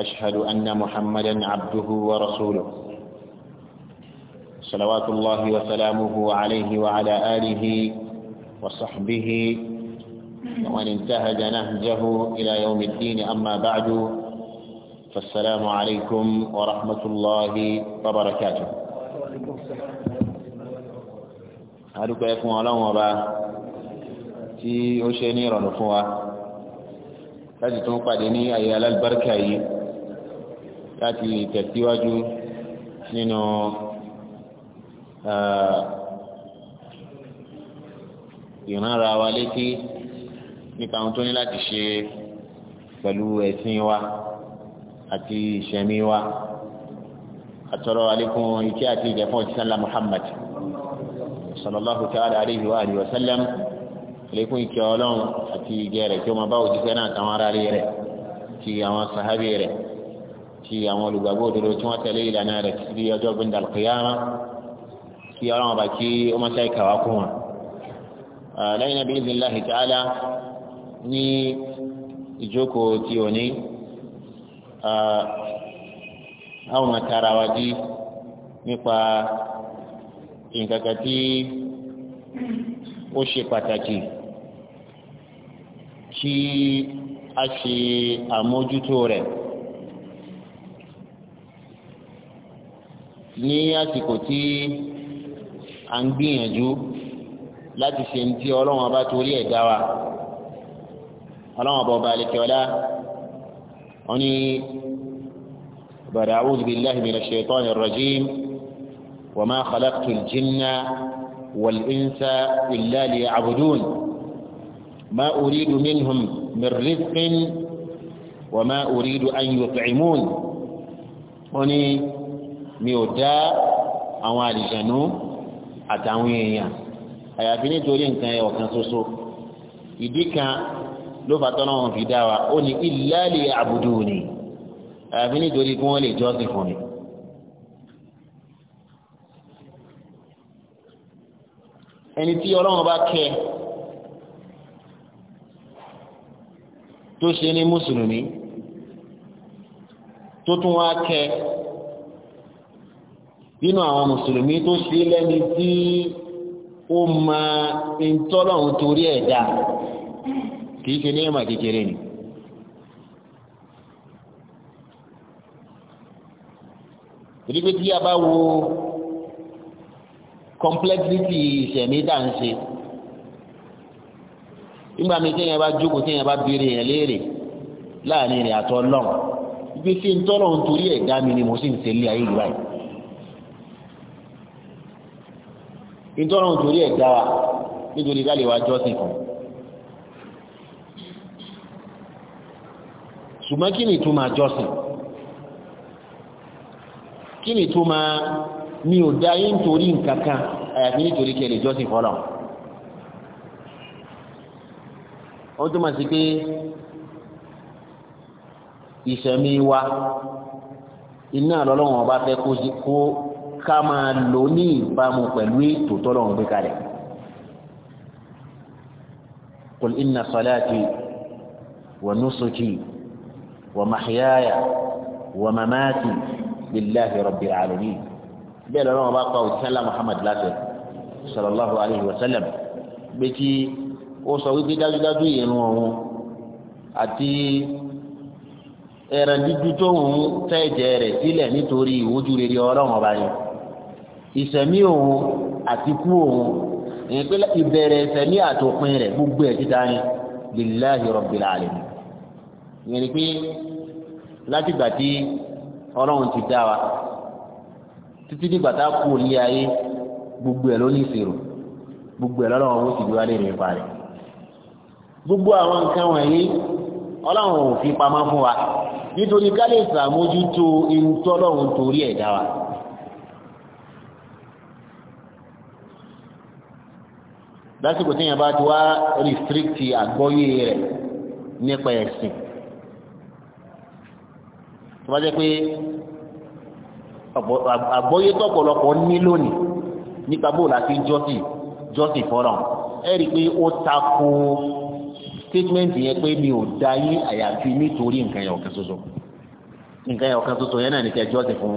وأشهد أن محمدا عبده ورسوله صلوات الله وسلامه عليه وعلى آله وصحبه ومن انتهج نهجه إلى يوم الدين أما بعد فالسلام عليكم ورحمة الله وبركاته أدوك يكون الله وبركاته في ó ṣe ní ìrọ̀rùn fún wa láti tún láti lè tẹ̀síwájú nínú eh, ìránra wa létí nípa ohun tó ní láti ṣe pẹ̀lú ẹ̀sìn wa àti ìṣẹ̀mí wa àtọ̀rọ̀ àlékún ìkẹ́ àti ìjẹ̀fọ́ ìsànlá Muhammad sallallahu ta'ala alayhi wa alihi wa sallam àlékún ìkẹ́ ọlọ́run àti ìjẹ́ tí ó máa bá òjíṣẹ́ náà tàwọn ará rẹ̀ àti àwọn sàhábì rẹ̀ àti àwọn olùgbàgbọ́ òdodo tí wọ́n tẹ̀lé ìlànà rẹ̀ títí di ọjọ́ gbẹ̀ndà kìyàmá kí ọlọ́run bá kí ó má ṣe kàwá kún wọn. lẹ́yìn náà bíi ìdílé ta'ala ní ìjókòó tí ò ní àwọn máa tara wa jí nípa nǹkan tí ó ṣe pàtàkì kí a ṣe àmójútó rẹ̀. ní àsìkò tí a ń gbìyànjú láti ṣe ní tí ọlọ́run ọba torí ẹ̀ dá wa ọlọ́run ọba ọba àlekẹ́ọ́lá wọn ni asiko ti a n gbiyanju lati se ni ti olorun oba tori e da wa olorun oba oba ola won ni bada a'udhu billahi minash shaitanir rajim wa ma khalaqtul jinna wal insa illa abudun ma uridu minhum min rizqin wa ma uridu an yut'imun wọn ni. mi ò dá àwọn àlìjànú àtàwọn èèyàn àyàfi nítorí nǹkan ẹ̀ ọ̀kan ṣoṣo ìdí kan ló bá wọn fi dá wa ó ní illa liya'buduni àyàfi nítorí kí wọ́n lè jọ́sìn fún mi. ẹni tí ọlọ́run bá kẹ́ tó ṣe ní mùsùlùmí tó tún wá kẹ́ nínú àwọn mùsùlùmí tó ṣe lẹ́ni tí ó ma ń tọ́lọ́run torí ẹ̀dá kìí ṣe ní ẹ̀mà kékeré ni ìdígbé tí a bá wo complexity ìṣẹ̀mí dà ń ṣe nígbà mi tí yẹn bá jókòó tí yẹn bá béèrè yẹn léèrè láàrin ìrìn àtọ́ lọ́n ibi tí ń tọ́lọ́run torí ẹ̀dá mi ni mo sì ń ṣe lé ayé nítorí òun torí ẹ̀ dá wa nítorí ká lè wá jọ́sìn fún un. ṣùgbọ́n kí ni ìtumọ̀ àjọsìn kí ni ìtumọ̀ mi ò dá yín torí nǹkan kan àyàfi nítorí kí ẹ lè jọ́sìn fọlọ́ ó túmọ̀ sí pé ìṣẹ̀mí wa iná lọ́lọ́wọ́n ọba fẹ́ kó ká máa lò ní ìbámu pẹ̀lú ètò tọ́lọ́run gbé kalẹ̀ qul inna salati wa nusuki wa mahyaya wa mamati lillahi rabbil alamin bẹ́ẹ̀ lọ́wọ́ bá pa òtíńlá muhammad láti sallallahu alayhi wa sallam bí kí ó sọ wípé dájúdájú ìrun ọ̀hún àti ẹran dídú tó ń tẹ̀jẹ̀ rẹ̀ sílẹ̀ nítorí ìwójú rere ọlọ́run ọba yẹn ìsẹ̀mí òun àti kú òun èyí pé ìbẹ̀rẹ̀ ìsẹ̀mí àtòpin rẹ̀ gbogbo ẹ̀ títa ni lillahi rabbil alamin ìyẹn ni pé látìgbà tí ọlọ́run ti dá wa títí dìgbà tá a kú òní ayé gbogbo ẹ̀ ló ní ìṣirò gbogbo ẹ̀ lọ́lọ́run ó sì bí wá lè rìn parẹ́ gbogbo àwọn nǹkan wọ̀nyí ọlọ́run ò fi pamọ́ fún wa nítorí ká lè ṣàmójútó irun tọ́lọ́run torí ẹ̀dá wa. lásìkò tí yẹn bá ti wá rìstrìkìtì àgbọ́yé rẹ̀ nípa ẹ̀sìn tó bá jẹ́ pé àgbọ́yé tọ́pọ̀lọpọ̀ ní lónìí nípa bóòlù àti jọ́sìn jọ́sìn fọ́nà ẹ rí i pé ó tako statement yẹn pé mi ò dá yín àyàfi nítorí nǹkan yẹn ọ̀kan ṣoṣo nǹkan yẹn ọ̀kan ṣoṣo yẹn náà ní kẹ́ jọ́sìn fún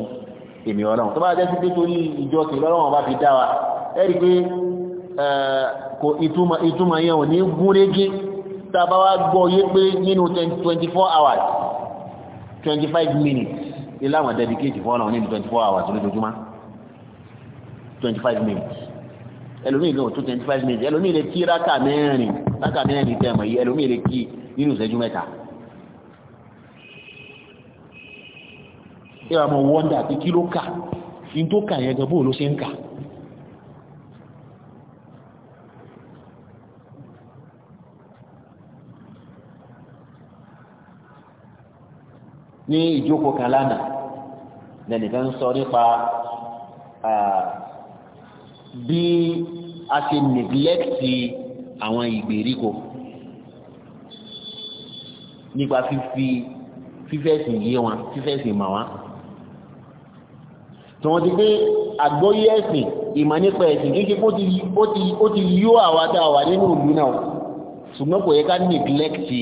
èmi ọlọ́run tó bá jẹ́ sí pé torí ìjọsìn lọ́lọ́run ọba fi dá wa ẹ rí i pé Eh, kò ìtumọ̀ ìtumọ̀ yẹn ò ní gúnrégé tàbá wá gbọ́ yé pé nínú 24 hours 25 minutes iláwọn dedicate fọ́nà nínú 24 hours lójoojúmọ́ 25 minutes ẹlòmí ìgbìmọ̀ tó 25 minutes ẹlòmí ilé kí rákà mẹ́rin rákà mẹ́rin tẹ́mọ̀ yìí ẹlòmí ilé kí nínú ìṣẹ́jú mẹ́ta ìwà mọ̀ wọ́ndà àti kí ló kà in tó kà yẹn gan bóò ló ní ìjókòó kan lánàá lẹ́nìkan ń sọ nípa bí a ti nìgílẹ́kìtì àwọn ìgbèríko nípa fífi fífẹ́sìn yé wọn fífẹ́sìn mọ̀ wọn tí wọ́n ti pé àgbóyé ẹ̀sìn ìmọ̀ nípa ẹ̀sìn kíkí ó ti yíó àwádà wà nínú ìlú náà ṣùgbọ́n kò yẹ ká nìgílẹ́kìtì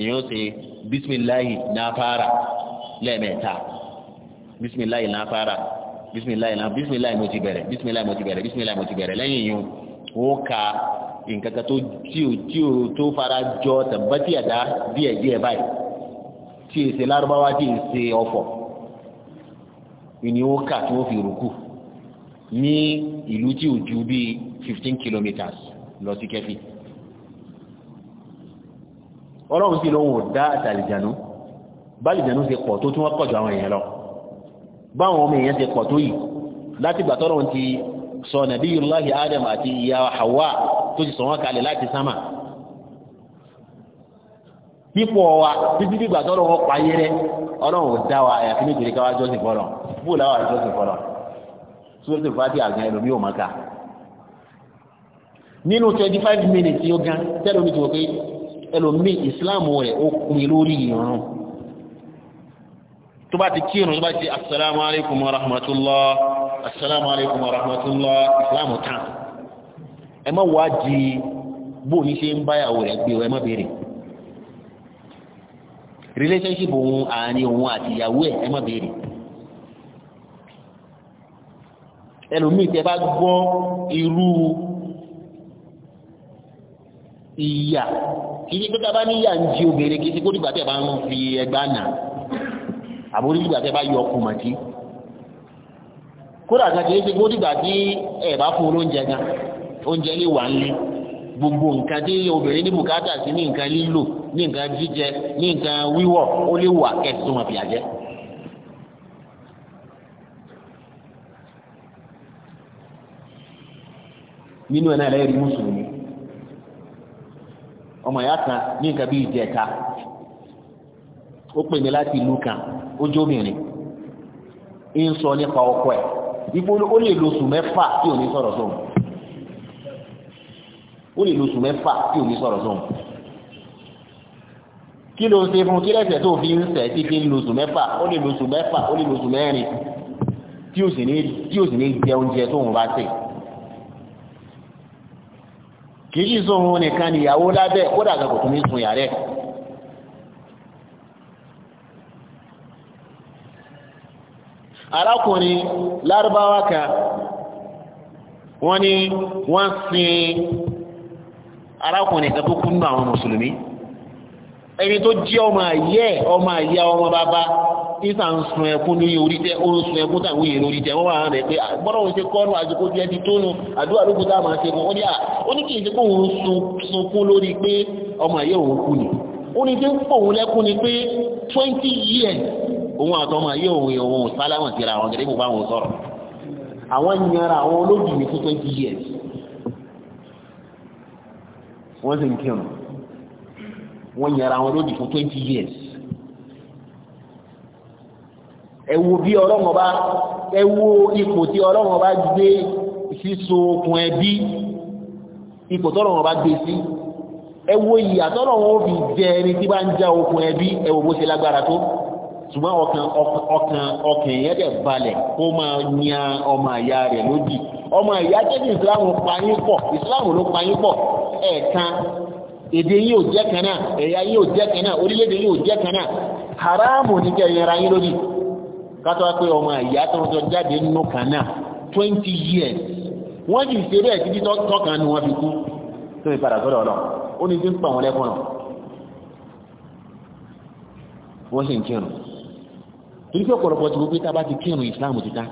èèyàn ṣe bisimilayi náfàrà lẹ́ẹ̀mẹ́ta bisimilayi náfàrà bisimilayi náà bisimilayi mo ti bẹ̀rẹ̀ bisimilayi mo ti bẹ̀rẹ̀ bisimilayi mo ti bẹ̀rẹ̀ lẹ́yìn yìí ó ka nǹkan kan tó tí o tí o tó fara jọ tàbátì àdá díẹ̀ díẹ̀ báyìí tí èsè lárúbáwá tí èsè ọ̀fọ̀ ni ó kà tí wọ́n fi rúkú ní ìlú tí ò ju bíi fifteen kilometres lọ sí kẹfì ọlọ́run sí lóhun ò dá àtàlìjànú bálìjànú ṣe pọ̀ tó tí wọ́n pọ̀jù àwọn èèyàn lọ báwọn ọmọ èèyàn ṣe pọ̀ tó yìí láti gbà tọ́lọ́run ti sọ nàbí Allahi Adam àti ìyá Hawa tó ti sọ wọ́n kalẹ̀ láti sámà pípọ̀ wa títí dìgbà tọ́lọ́run wọn payé rẹ ọlọ́run ò dá wa àyàfi nítorí káwá jọ́sìn fọlọ́ fúlà wà jọ́sìn fọlọ́ sórí fàtí àgbà ẹlòmí ò máa ka nínú twenty five minutes yóò gan tẹ́lómi tó wọ́n pé ẹlòmíì ìsìláàmù rẹ̀ ó pin lórí ìrun tó bá ti kírun tó bá ti asalaamu alaykum wa rahmatulah asalaamu alaykum wa rahmatulah ẹ má wá di bó ní ṣe ń báyàwó rẹ̀ gbé ẹ má béèrè relationship òun àárín òun àti ìyàwó ẹ̀ ẹ má béèrè ẹlòmíì tẹ bá gbọ́ irú ìyà kì í ṣe pé tá a bá ní ìyà ń di obìnrin kì í ṣe kó dìgbà tẹ́ ẹ bá ń fi ẹgbà nà àbórí dìgbà tẹ́ ẹ bá yọ ọkùnrin tí kódà kan kì í ṣe kó dìgbà tí ẹ bá fún olóúnjẹ gan oúnjẹ lè wà nílé gbogbo nǹkan tí obìnrin ní bùkátà sí ní nǹkan lílò ní nǹkan jíjẹ ní nǹkan wíwọ̀ ó lè wà kẹsùn wọn nínú ẹ̀ náà lẹ́yìn mùsùlùmí ọmọ ìyá kan ní nǹkan bí ìjẹta ó pè mí láti ìlú kan ó jóbìnrin ń sọ nípa ọkọ ẹ̀ ipò ó lè lo oṣù mẹ́fà tí ò ní sọ̀rọ̀ sóhun ó lè lo oṣù mẹ́fà tí ò ní sọ̀rọ̀ sóhun kí ló ń ṣe fún kí lẹ́sẹ̀ tó fi ń sẹ̀ tí kí ń lo oṣù mẹ́fà ó lè lo oṣù mẹ́fà ó lè lo oṣù mẹ́rin tí ò sì ní jẹ oúnjẹ tóun bá sè é kì í sì sóhun nìkan níyàwó lábẹ́ kódà kan kò tún ní sun yàrá ẹ̀. arákùnrin lárúbáwá kan wọ́n ní wọ́n sin arákùnrin kan tó àwọn mùsùlùmí ẹni tó jẹ́ ọmọ ayé ọmọ ayé ọmọ bàbá isa ń sun ẹkún ní orí tẹ ó ń sun ẹkún tàwọn èèyàn lórí tẹ wọ́n wà rẹ̀ pé gbọ́dọ̀ ah, ń ṣe kọ́nù àsìkò tí ti tónu àdúrà ló kúta máa ṣe fún ó ní à ah, ó ní òun sunkún lórí pé ọmọ ayé òun kú ni ó ní tí ń pò òun lẹ́kún ni pé twenty years òun àtọmọ ayé twenty years ẹ̀wù bí ọlọ́run ọba ẹ̀wù ipò tí ọlọ́run ọba gbé síso okùn ẹbí ipò tọ́lọ́run ọba gbé sí ẹ̀wù ìyà tọ́lọ́run ó fi jẹ ẹni tí bá ń já okùn ẹbí ẹ̀wù bó ṣe lágbára tó ṣùgbọ́n ọkàn ọkàn ọkàn yẹn dẹ̀ balẹ̀ kó máa yan ọmọ àyà rẹ̀ lódì ọmọ àyà jẹ́ ní ìsìláàmù payín pọ̀ ìsìláàmù ló payín pọ̀ ẹ̀ẹ̀kan èdè yìí ò jẹ́ kan náà ẹ̀yà yìí ò jẹ́ kan náà orílẹ̀-èdè yìí ò jẹ́ kan náà haramu ni kẹrin ara yín lódì kátó wá pé ọmọ ìyá tó ń sọ jáde nínú kan náà twenty years wọ́n sì ṣeré ẹ̀ títí tọ́kàn ni wọ́n fi kú tó fi padà sọ́dọ̀ ọlọ́run ó ní tí ń pa wọn lẹ́kùn náà wọ́n sì ń kírun torí pé ọ̀pọ̀lọpọ̀ ti gbogbo tábà ti kírun ìsìláàmù ti ta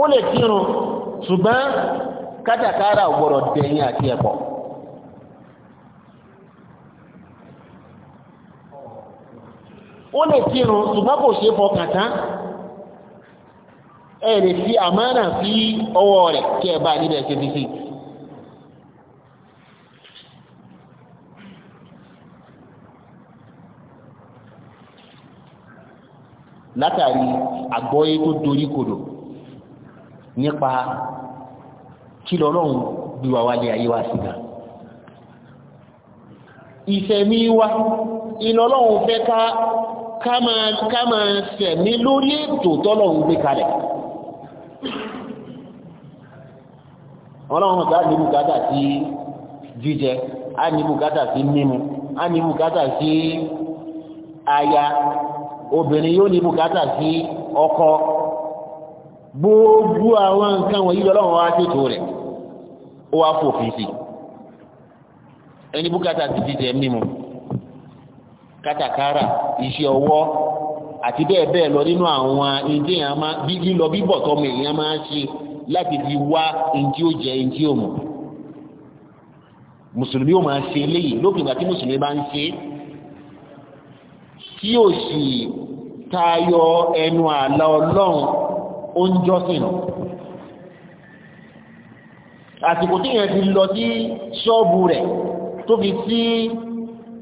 ó lè kírun ṣùgbọ́n kátàkárà ò gbọ́dọ̀ dẹ̀yìn àti ẹ̀pọ̀ ó lè kírun ṣùgbọ́n kò ṣe fọkàn tán ẹ lè fi àmánà sí ọwọ́ rẹ̀ kí ẹ bá níbẹ̀ ṣe látàrí àgbọ́yé tó dorí kodò nípa kí lọ́lọ́run bí wálé ayé wá sí ìfẹ̀mí ìlọ́lọ́run fẹ́ ká ká máa sẹ̀mí lórí ètò tọ́lọ́run gbé kalẹ̀ ọlọ́run ọ̀gá ní bùkátà sí jíjẹ á ní bùkátà sí mímu á ní bùkátà sí aya obìnrin yóò ní bùkátà sí ọkọ gbogbo àwọn nǹkan wọ̀nyí lọ́wọ́ wá ṣètò rẹ̀ ó wá fòfin sí ẹni bùkátà sí jíjẹ mímu Katakara iṣẹ́ ọwọ́ àti bẹ́ẹ̀ bẹ́ẹ̀ lọ nínú àwọn ìdí lílọ bíbọ̀ tọmọ èèyàn máa ń ṣe láti fi wá ìdí ó jẹ ìdí ó mọ̀ mùsùlùmí ó máa ṣe eléyìí lópin ìgbà tí mùsùlùmí bá ń ṣe tí ó sì tayọ ẹnu àlà ọlọ́run ó ń àsìkò tí yẹn ti lọ sí ṣọ́ọ̀bù rẹ̀ tó fi sí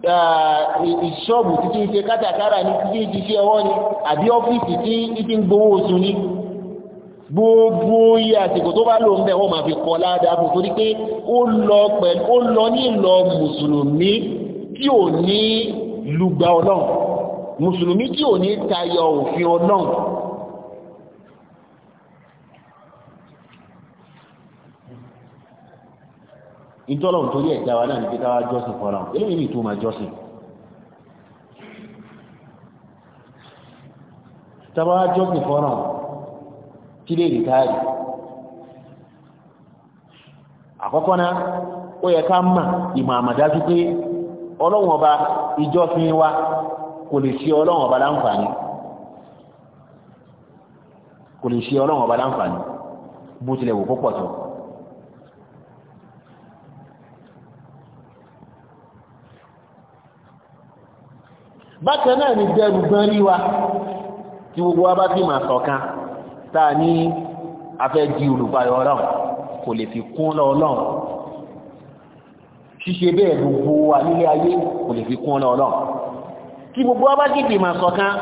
ìṣọ́ọ̀bù títí ń ṣe kátàkárà ní títí ti ṣe ọwọ́ ni àbí ọ́fíìsì tí ìtí ń gbowó oṣù ni gbogbo iye àsìkò tó bá lò ń bẹ̀ wọ́n máa fi kọ́ ládàá fún torí pé ó lọ pẹ̀lú ó lọ ní ìlọ mùsùlùmí tí ò ní lùgbà ọlọ́run mùsùlùmí tí ò ní tayọ òfin ọlọ́run ìjọlọ́run torí ẹ̀dá wa náà ní kíkà wá jọ́sìn fọ́nà eléyìí ní ìtumọ̀ jọ́sìn tàbá wá jọ́sìn fọ́nà kí lè rìtáàrí àkọ́kọ́ náà ó yẹ ká mà ìmọ̀ àmàdájú pé ọlọ́run ọba ìjọ́sìn wa kò lè ṣe ọlọ́run ọba láǹfààní kò lè ṣe ọlọ́run ọba láǹfààní bó tilẹ̀ wò púpọ̀ tó bákan náà ni dẹrù gan rí wa tí gbogbo wa bá fi máa ṣọ̀kan tá ní afẹ́ di olùgbàyọ̀ ọlọ́run kò lè fi kún lọ ọlọ́run ṣíṣe bẹ́ẹ̀ gbogbo wa nílé ayé kò lè fi kún lọ ọlọ́run tí gbogbo wa bá kìkì máa ṣọ̀kan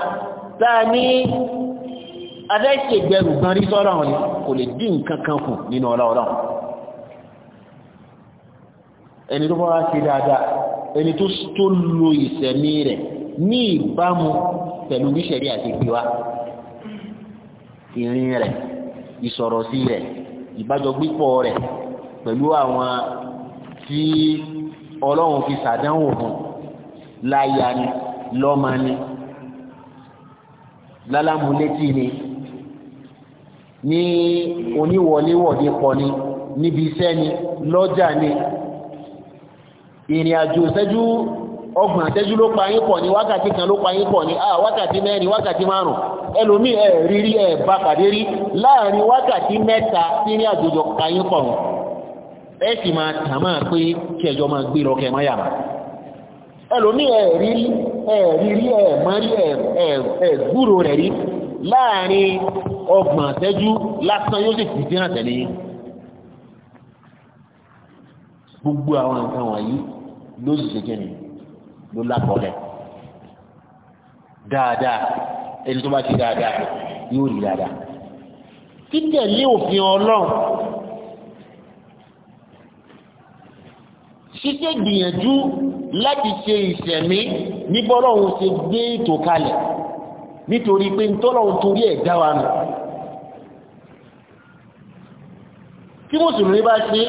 tá ní afẹ́ ṣègbẹ̀rù gan rí sọ́rọ̀ ni kò lè dín nǹkan kan kù nínú ọlọ́run ẹni tó lo ìṣẹ̀mí rẹ̀ ní ìbámu pẹ̀lú bí ṣẹ̀rí àti pé wa ìrìn rẹ̀ ìsọ̀rọ̀ sí rẹ̀ ìbájọgbípọ̀ rẹ̀ pẹ̀lú àwọn tí ọlọ́run fi sàdánwò fún láyà ni lọ́mọ ni lálámúlétí ni ní oníwọléwọ̀dé pọ̀ ni níbi iṣẹ́ ni lọ́jà ni ìrìn àjò ìṣẹ́jú ọgbọ̀n àtẹ́jú ló pa yín pọ̀ ní wákàtí kan ló pa yín ní àà ah, wákàtí mẹ́rin wákàtí márùn ẹlòmí ẹ̀ rírí ẹ̀ bá pàdé rí láàrin wákàtí mẹ́ta sí ní àjòjọ pa yín pọ̀ máa tà máa pé kí máa gbé lọ kẹmọ́ ẹlòmí ẹ̀ rírí ẹ̀ mọ́rí ẹ̀ gbúrò rẹ̀ gbogbo àwọn nǹkan wọ̀nyí ló sì ló lákọọlẹ dáadáa ẹni tó bá ti dáadáa yóò rí dáadáa títẹ̀lé òfin ọlọ́run ṣíṣe gbìyànjú láti ṣe ìṣẹ̀mí níbọ́lọ́run ṣe gbé ètò kalẹ̀ nítorí pé ń tọ́lọ́run torí ẹ̀ dá wa nù tí mùsùlùmí bá ṣe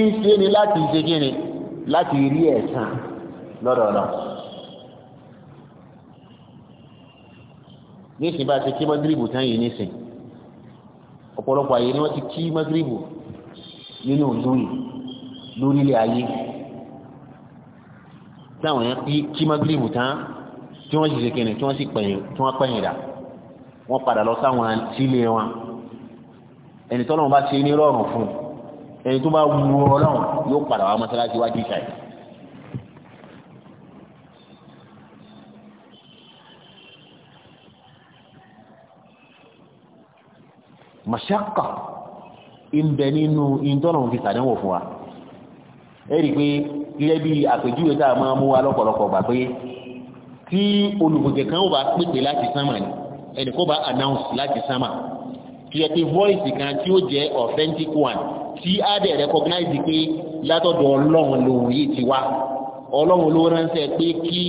ń ṣe ni láti ṣe kíni láti rí ẹ̀san lọ́dọ̀ náà nísìn bá ti kí mọ́gírìbù tán yìí nísìn ọ̀pọ̀lọpọ̀ àyè ni wọ́n ti kí mọ́gírìbù nínú ìlú yìí lórílẹ̀ ayé táwọn yẹn kí mọ́gírìbù tán tí wọ́n sì ṣe kẹ́ni tí wọ́n sì pẹ̀yìn tí wọ́n pẹ̀yìn dà wọ́n padà lọ sáwọn sílé wọn ẹni tọ́lọ́run bá ṣe ní rọrùn fún ẹni tó bá wù Ọlọ́run yóò padà wá mọ́sálásí wájú ìṣàyẹ̀ mọ̀ṣákà ìbẹ nínú ìtọ́nà fi sàdánwò fún wa ẹ̀rí pé gẹ́gẹ́ bí àpèjúwe tá a máa mú wa lọ́pọ̀lọpọ̀ gbà pé tí olùgbòjẹ̀ kan ó bá pèpè láti sánmà ni ẹnì kó bá announce láti sánmà kí ẹ voice kan tí ó jẹ́ authentic one tí á dẹ̀ recognize pé látọ̀dọ̀ ọlọ́run lòun yìí ti wá ọlọ́run ló ránṣẹ́ pé kí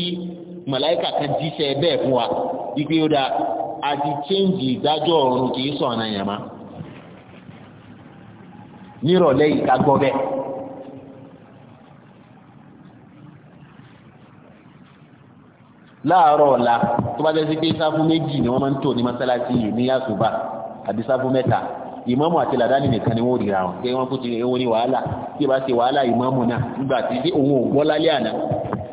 màláìkà kan jíṣẹ́ bẹ́ẹ̀ fún wa wípé àti chéǹjì ìdájọ́ ọ̀run kì í sọ̀nà yẹn má nírọ̀lẹ́ ìta gbọ́ bẹ́ẹ̀. láàárọ̀ ọ̀la tó bá jẹ́ sí pé sáfù méjì ni wọ́n máa ń tò ní mọ́sálásí yìí ní àsùbà àbí sáfù mẹ́ta ìmáàmù àti làdáni nìkan ni wọ́n rira wọn pé wọ́n kú ti ewo ní wàhálà tí ìbá ṣe wàhálà ìmáàmù náà nígbà tí sí òun ò gbọ́ lálẹ́ àná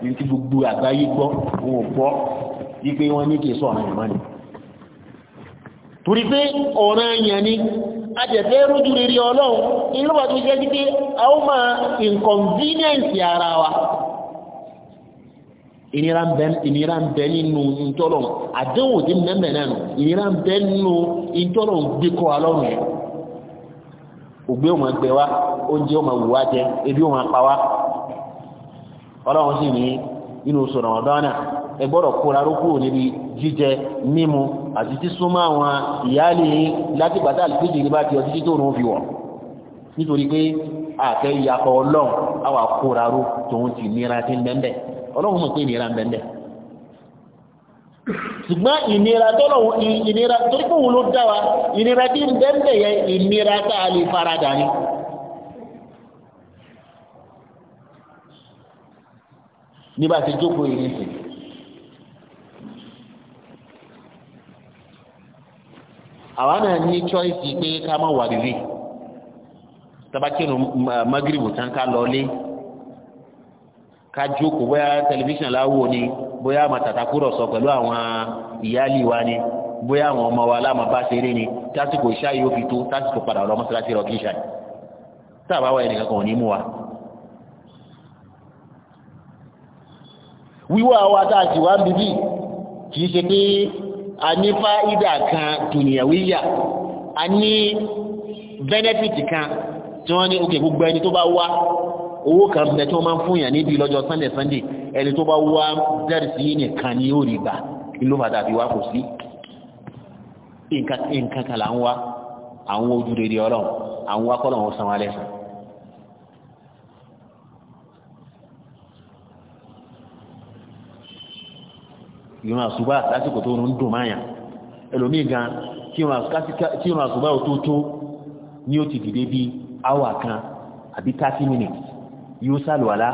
ní ti gbogbo àgbáyé gbọ́ òun ò gbọ́ wípé wọ́n ní kì sọ̀rọ̀ ìmọ̀ ni torí pé ọ̀ràn èèyàn ni a jẹ̀fẹ́ rójú rírí ọlọ́run ìlúwà tó jẹ́ sí a ó máa inconvenience ara wa ìnira ń bẹ nínú ìtọ́lọ̀ àdéhùn tí mẹ́mẹ́ náà nù ìnira ń bẹ nínú ìtọ́lọ̀ gbíkọ́ alọ́run ògbé ò máa gbẹ wá oúnjẹ ò máa wù wá jẹ ebi ò máa pa ọlọ́run sì ní inú sọ̀rọ̀ ọ̀dọ́ àti tí súnmọ́ àwọn ìyáálé láti pàtà àlùfíjì ní bá ti ọdún tó rún fi wọ̀ nítorí pé àfẹ́ ìyàpọ̀ ọlọ́run àwà kóraró tòun ti nira sí bẹ́ẹ̀ ọlọ́run mọ̀ pé nira bẹ́ẹ̀ ṣùgbọ́n ìnira tọ́lọ̀wọ́ ìnira torí pé òun ló dá ìnira tí ń bẹ́ẹ̀ yẹ ìnira tá a lè faradà ni nígbà tí jókòó yìí nìsín àwa náà ní choice pé ká má wà rírì tabakirun magribu tán ká lọlé ká jókòó bóyá tẹlifíṣàn láwo ni bóyá màtàtàkùrọ̀sọ pẹ̀lú àwọn ìyáálì wa ni bóyá àwọn ọmọ wa láàmà bá ṣeré ni tásìkò ìṣá yóò fi tó tásìkò padà lọ mọ́sálásí rọ kí ìṣá yìí táàbá wa ẹnìkan kan ò ní mú wa. wíwá wa tá a ń bíbí kì í ṣe pé a ní fáídà kan dùnìyàwíyà a ní bẹ́nẹ́fìtì kan tí wọ́n ní òkè gbogbo ẹni tó bá wá owó kan bẹ̀ tí wọ́n máa ń fún yàn níbi lọ́jọ́ sunday sunday ẹni tó bá wá dẹ́rìsì nìkan ni yóò rí gbà ìlú padà bí wá kò sí nǹkan kan là ń wá àwọn ojú rere ọlọ́run àwọn akọ́lọ́run ó san ìran àṣùbá lásìkò tó ń dùn máyà ẹlòmíì gan tí ìran àṣùbá ò tó tó ní ó ti dìde bí hour kan àbí thirty minutes yóò sàlùwàlá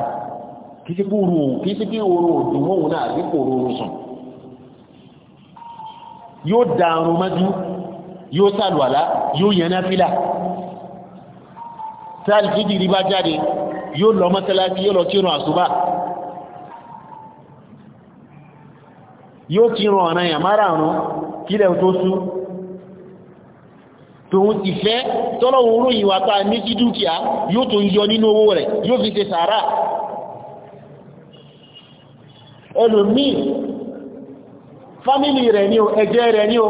kì í sí pé oru òun kì í sí pé oru òdùn mọ́wùn náà àbí kò oru sùn yóò da àrùn mọ́jú yóò sàlùwàlá yóò yẹn náfìlà sáàlì fídìrí bá jáde yóò lọ mọ́sálásí yóò ti ràn ọ̀nà yà àrùn kílẹ̀ tó sú tòun ti fẹ́ tọ́lọ̀wọ̀n oróyìn ní sí dúkìá yóò tó yọ nínú owó rẹ̀ yóò fi ṣe sàárà ẹlòmí fámílì rẹ̀ ní o ẹgbẹ́ rẹ̀ ní o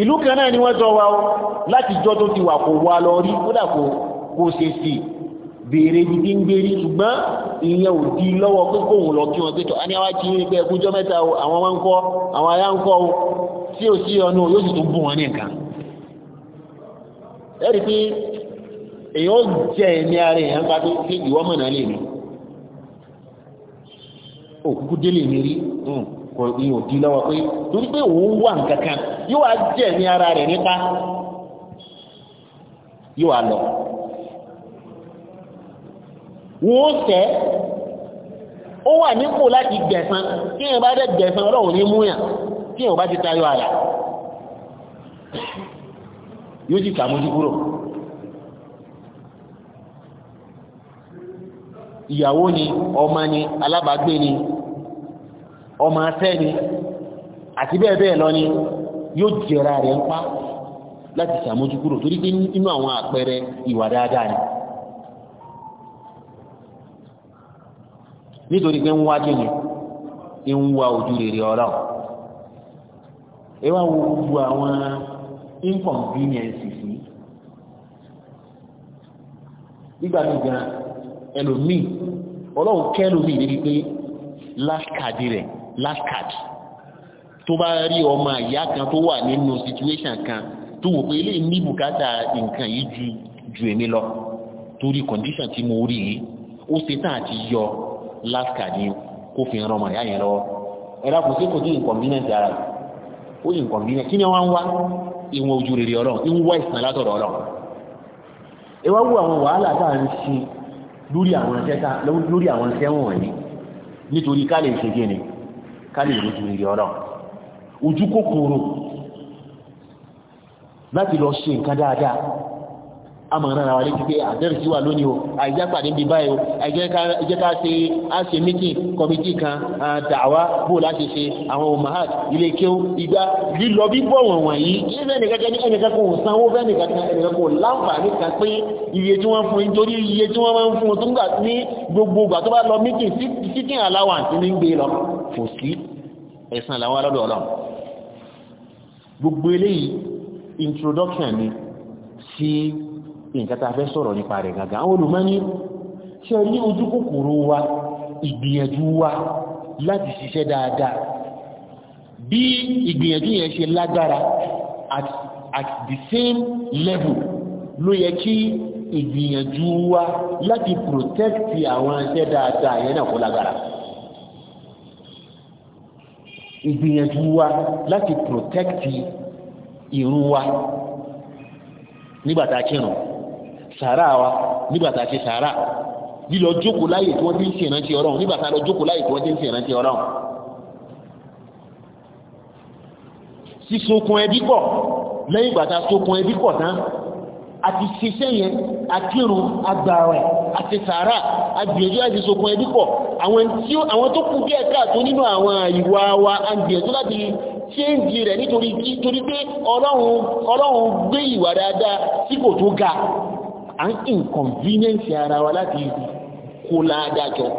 ìlú ni wọ́n jọ béèrè ní gbígbérí ṣùgbọ́n ìyẹn ò di lọ́wọ́ pé kóhùn lọ kí wọ́n pé a ní àwọn ají pé ẹkújọ́ mẹ́ta o àwọn wá ń kọ́ àwọn ń kọ́ o tí ò sí ọ̀nà yóò sì tún ní nǹkan ẹ̀rí pé jẹ́ ara èèyàn bá tó ìwọ́ lè òkúkú délé mi rí hmm, kò ìyẹn wọ́n tẹ́ ó wà nípò láti gbẹ̀san kí èyàn bá dẹ̀ gbẹ̀san ọlọ́run ní múyàn kí èyàn bá ti tayọ yóò tàmójú kúrò ìyàwó ni ọmọ ni alábàgbé ni ọmọ afẹ́ ni àti bẹ́ẹ̀bẹ́ẹ̀ lọ ni yóò jẹra rẹ̀ ń láti tàmójú kúrò torí pé àwọn ni. nítorí pé ń wá kíni ń wá ojú rere ọlọ́run ẹ wá wo gbogbo àwọn inconveniences yìí nígbà míì gan ẹlòmíì ọlọ́run kẹ́lòmíì débi pé last card rẹ̀ last card tó bá rí ọmọ àyá kan tó wà nínú situation kan tó wò pé eléyìí ní bùkátà nǹkan yìí ju ju èmi lọ torí condition tí mo rí yìí ó ṣe tán àti yọ láṣkà ni kó fi ran ọmọ ìyá yẹn lọ́wọ́ ẹ̀rọ kò sí kò ní inconvenience ara rẹ̀ ó ní inconvenience kí ni wọ́n wá ìwọ̀n ojú rere ọlọ́run ń wá ìsìn látọ̀dọ̀ ọlọ́run ẹ wá wú àwọn wàhálà tá à ń ṣe lórí àwọn ẹ̀ṣẹ̀ lórí àwọn ẹ̀ṣẹ̀ wọ̀nyí nítorí ká lè ṣe kíni ká lè rojú rere ọlọ́run ojú kòkòrò láti lọ ṣe nǹkan dáadáa amọ̀ràn àwọn létí pé àdẹ́rẹ̀sí wà lónìí o àìjá pàdé bí báyìí o àìjẹ́ ká ṣe á ṣe mítìn kọmitì kan dàwa bó láti ṣe àwọn omahat ilé kéwú ìgbà lílọ bí bọ̀ wọ̀n wọ̀nyí ẹnìkankan ẹnìkankan iye tí wọ́n fún iye tí wọ́n máa ń fún tó ń gbà ní gbogbo ìgbà tó bá lọ mítìn síkìn aláwàǹtí ní gbé lọ kò sí ẹ̀sán làwọn gbogbo eléyìí introduction ni sí nǹkan tá a fẹ́ sọ̀rọ̀ nípa rẹ̀ gàgà àwọn olùmọ́ni ṣe ní ojú kòkòrò wa ìgbìyànjú wa láti ṣiṣẹ́ dáadáa bí ìgbìyànjú yẹn ṣe lágbára at at the same level ló yẹ kí ìgbìyànjú wa láti protect àwọn iṣẹ́ dáadáa yẹn náà kó lágbára ìgbìyànjú wa láti protect ìrun wa nígbà tá a sàárà wa nígbà tá a ṣe sàárà lílọ jókòó láyè tí wọ́n ti ń ṣe ìrántí ọlọ́run nígbà tá a lọ jókòó láyè tí wọ́n ti ń ṣe ìrántí ọlọ́run. sísokun ẹbí pọ̀ lẹ́yìn ìgbà tá a sokun ẹbí pọ̀ tán àti ṣiṣẹ́ yẹn akírun agbáwẹ̀ àti sàárà agbìyànjú láti sokun ẹbí pọ̀ àwọn tó kù díẹ̀ káàtó nínú àwọn ìwà wa agbìyànjú láti ṣéǹjì rẹ̀ nítorí pé ọlọ́run gbé ìwà dáadáa tí kò tó ga An inconvenience ara wa láti kó ládájọ́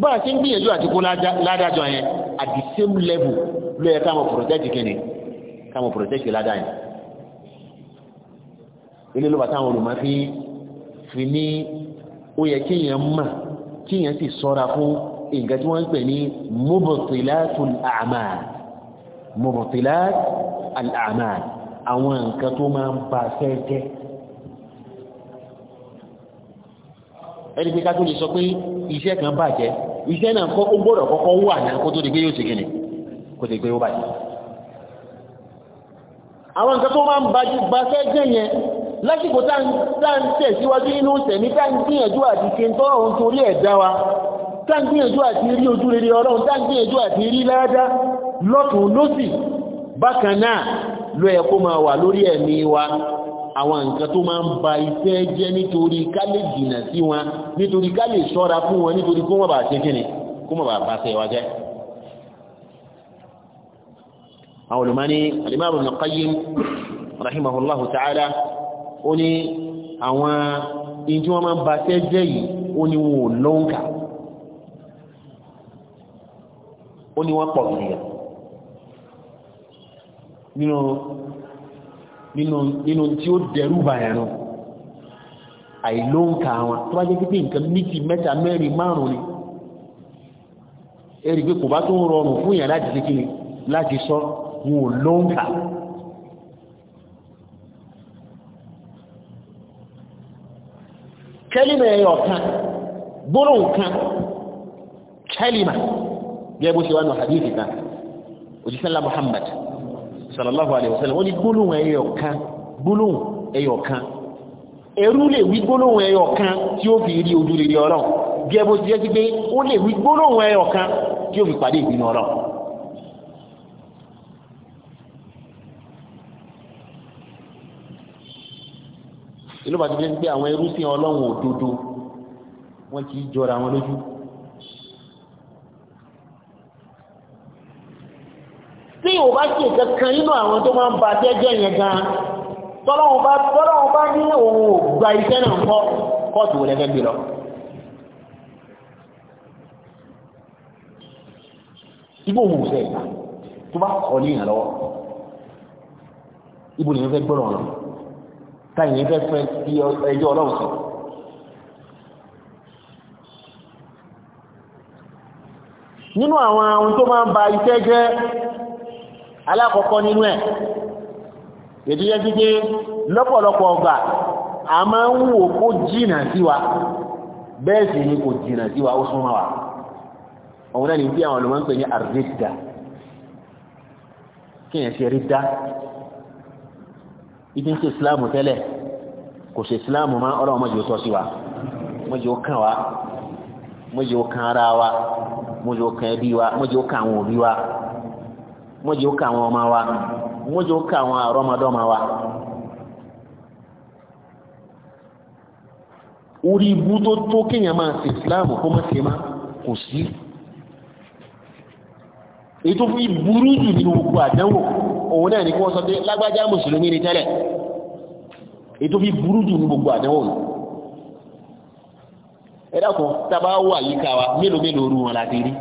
bá a ṣe ń gbìyànjú àti kó ládájọ́ yẹn at the same level ló yẹ káwọn protect kìíní káwọn protect ládá yẹn ilé ló bá táwọn olùmọ̀ fi fi ní ó yẹ kéèyàn mà kéèyàn sì sọ́ra fún nǹkan tí wọ́n ń pè ní mubtilatul a'mal mubtilatul a'mal àwọn nǹkan tó máa ń ba ṣẹ́ ẹni pé kátó lè sọ pé iṣẹ́ kan bàjẹ́ iṣẹ́ náà kọ́ ó gbọ́dọ̀ kọ́kọ́ wà náà kó tó di pé yóò ṣe kìnnì kó tó di pé ó bàjẹ́. àwọn nǹkan tó máa ń ba fẹ́ jẹ́ yẹn lásìkò tá ń tẹ̀síwájú nínú tẹ̀mí tá ń gbìyànjú àti ṣe ń tọ́ ohun torí ẹ̀ dá wa tá ń gbìyànjú àti rí ojú rere ọlọ́run tá ń gbìyànjú àti rí ládá lọ́tùn lósì bákan náà ló máa wà lórí ẹ̀mí wa àwọn nǹkan tó máa ń ba iṣẹ́ jẹ́ nítorí ká lè jìnà sí wọn nítorí ká lè ṣọ́ra fún wọn nítorí kó mọ̀bà ṣe kíni kó mọ̀bà bá ṣe wá jẹ́ àwọn olùmọ́ni al-Imam Ibn rahimahullahu ta'ala ó ní àwọn in tí wọ́n máa ń ba iṣẹ́ jẹ́ yìí ó ní wọn ò lóǹkà ó ní wọ́n pọ̀ nínú tí ó dẹ̀rù bàyàn náà àìlóǹkà wọn tó bá jẹ́ pípé nǹkan méjì mẹ́ta mẹ́rin márùn-ún ni èrì pé kò bá tó ń rọrùn fún yàn láti ṣe kíni láti sọ wọn ò lóǹkà kẹ́límà ẹ̀yọ̀ kan gbólóhùn kan kẹ́límà gẹ́gbó ṣe wá nù hadithi kan òjíṣẹ́lá Muhammad sallallahu alayhi wa sallam ó ní gbólóhùn ẹyọ kan gbólóhùn ẹyọ kan ẹrú lè wí gbólóhùn ẹyọ tí ó fi rí ojú rere ọlọ́run bí ẹbó ti jẹ́ sí pé ó lè wí gbólóhùn ẹyọ kan tí ó fi pàdé ìbínú ọlọ́run ìlú bàtí jẹ́ sí pé àwọn ẹrú sí ọlọ́run òdodo wọ́n ti jọra wọn lójú nǹkan kan nínú àwọn tó máa ń ba jẹ́jẹ́ yẹn gan tọ́lọ́wọ́n bá tọ́lọ́wọ́n bá ní òun ò gba iṣẹ́ náà ń kọ́ kóòtù wọlé fẹ́ gbé lọ ibo òun ò fẹ́ gbà tó bá kọ́ ní ìrànlọ́wọ́ ibo lèyìn fẹ́ gbọ́rọ̀ lọ táyìn fẹ́ fẹ́ fi ẹjọ́ ọlọ́run sọ nínú àwọn ohun tó máa ń ba iṣẹ́ jẹ́ alákọ̀ọ́kọ́ nínú ẹ̀ ètò yẹ sí pé lọ́pọ̀lọpọ̀ ọgbà a máa ń wò kó jìnà sí wa bẹ́ẹ̀ sì ni kò jìnà sí wa ó súnmọ́ wa ọ̀hun ni bí àwọn olùmọ̀ ń pè ní àrídà islam tẹ́lẹ̀ kò islam máa ọlọ́wọ́ mọ́jì ó wa mọ́jì ó kàn wa mọ́jì ó ara wa mọ́jì ó kàn ẹbí wa mọ́jì ó kàn àwọn òbí wa mọ́jì ó ká àwọn ọmọ wa mọ́jì ó ká àwọn àrọ́mọdọ́mọ wa. orí ibú tó tó kéèyàn máa ṣe islam kó má ṣe má kò sí èyí tó fi jù nínú gbogbo àdánwò òun náà ni kí wọ́n sọ pé lágbájá mùsùlùmí ni tẹ́lẹ̀ èyí tó fi burú jù nínú gbogbo àdánwò ni ẹ̀dá kan tábà wà yíká wa mélòó mélòó rú wọn láti rí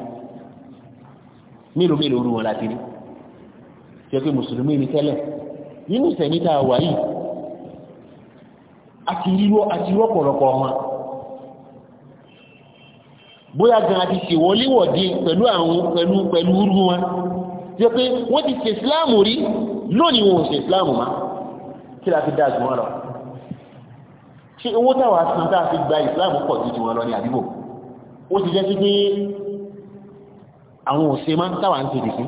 mélòó mélòó rú wọn láti rí jẹ́ pé mùsùlùmí ni tẹ́lẹ̀ nínú ìsẹ̀mí tá a wà yìí àti ríwọ́ àti ríwọ́ pọ̀lọpọ̀ wọn bóyá gan àti ṣèwọléwọ̀dé pẹ̀lú àwọn pẹ̀lú pẹ̀lú irú wọn jẹ́ pé wọ́n ti ṣe islam rí lónìí wọn ò ṣe islam ma kí la fi dá àjùmọ́ lọ ṣe owó táwa san tá a fi gba islam pọ̀ ju tiwọn lọ ní àdúgbò ó ti jẹ́ sí pé àwọn òṣèmá táwa ń tètè sí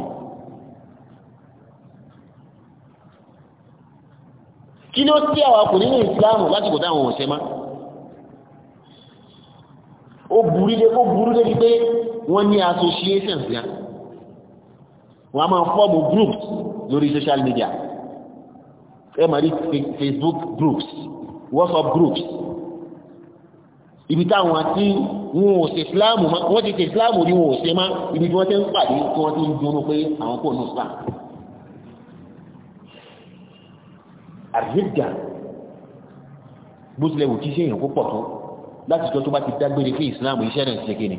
kí ló sí àwọn ọkùnrin nínú ìsìláàmù lásìkò táwọn òṣèmá ó burú lé wípé wọ́n ní associations ya wọ́n a máa fọ́ọ̀mù groups lórí social media ẹ máa rí Facebook groups WhatsApp groups ibi táwọn tí wọn ò ṣe ìsìláàmù wọ́n ti ṣe ìsìláàmù ní wọn ò ṣe má ibi tí wọ́n ti ń pàdé tí wọ́n ti ń dúnú pé àwọn kò ní ìsìláàmù àrídà bó tilẹ̀ wò kí iṣẹ́ yẹn kó pọ̀ tó láti jọ tó bá ti dágbére á ma ìsìláàmù iṣẹ́ náà ti ṣe kéne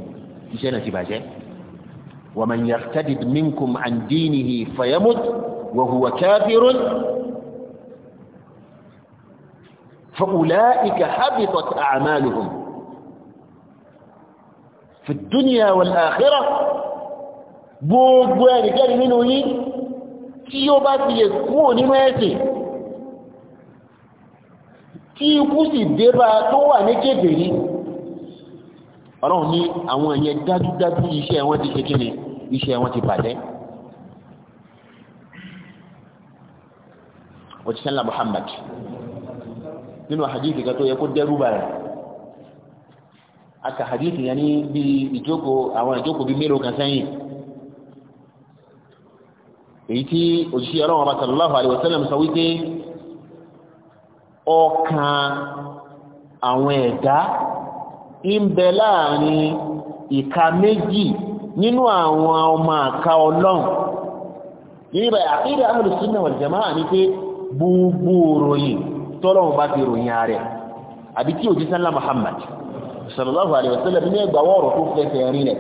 iṣẹ́ náà ti bàjẹ́ wa lòhùn. wà láàkírà gbogbo ẹ̀ nìkan fayamut wa huwa yóò kafirun فأولئك حبطت أعمالهم في الدنيا والآخرة gbogbo e nikan yí tí yii ti lè kúrò nínú ẹ̀sìn tí ikú sì débá tó wà ní kèfèrí ọlọ́run ní àwọn yẹn dájúdájú iṣẹ́ wọn ti ṣe kíni iṣẹ́ wọn ti bàjẹ́ òtísánlá Muhammad nínú hadithi kan tó yẹ kó dẹ́rù bàrẹ̀ aka hadithi yẹn ní bí ìjókòó àwọn ìjókòó bí mélòó kan sẹ́yìn èyí tí òjíṣẹ́ ọlọ́run ọba sallallahu alaihi wasallam sọ wípé ọkàn àwọn ẹ̀dá ń bẹ láàrin ìka méjì nínú àwọn ọmọ àka ọlọ́run nígbà àkídà ahlu sunna wal jamaa ní pé gbogbo ròyìn tọ́lọ́run bá ti ròyìn ààrẹ àbí tí òjíṣẹ́ ńlá Muhammad sallallahu alaihi wasallam ní tó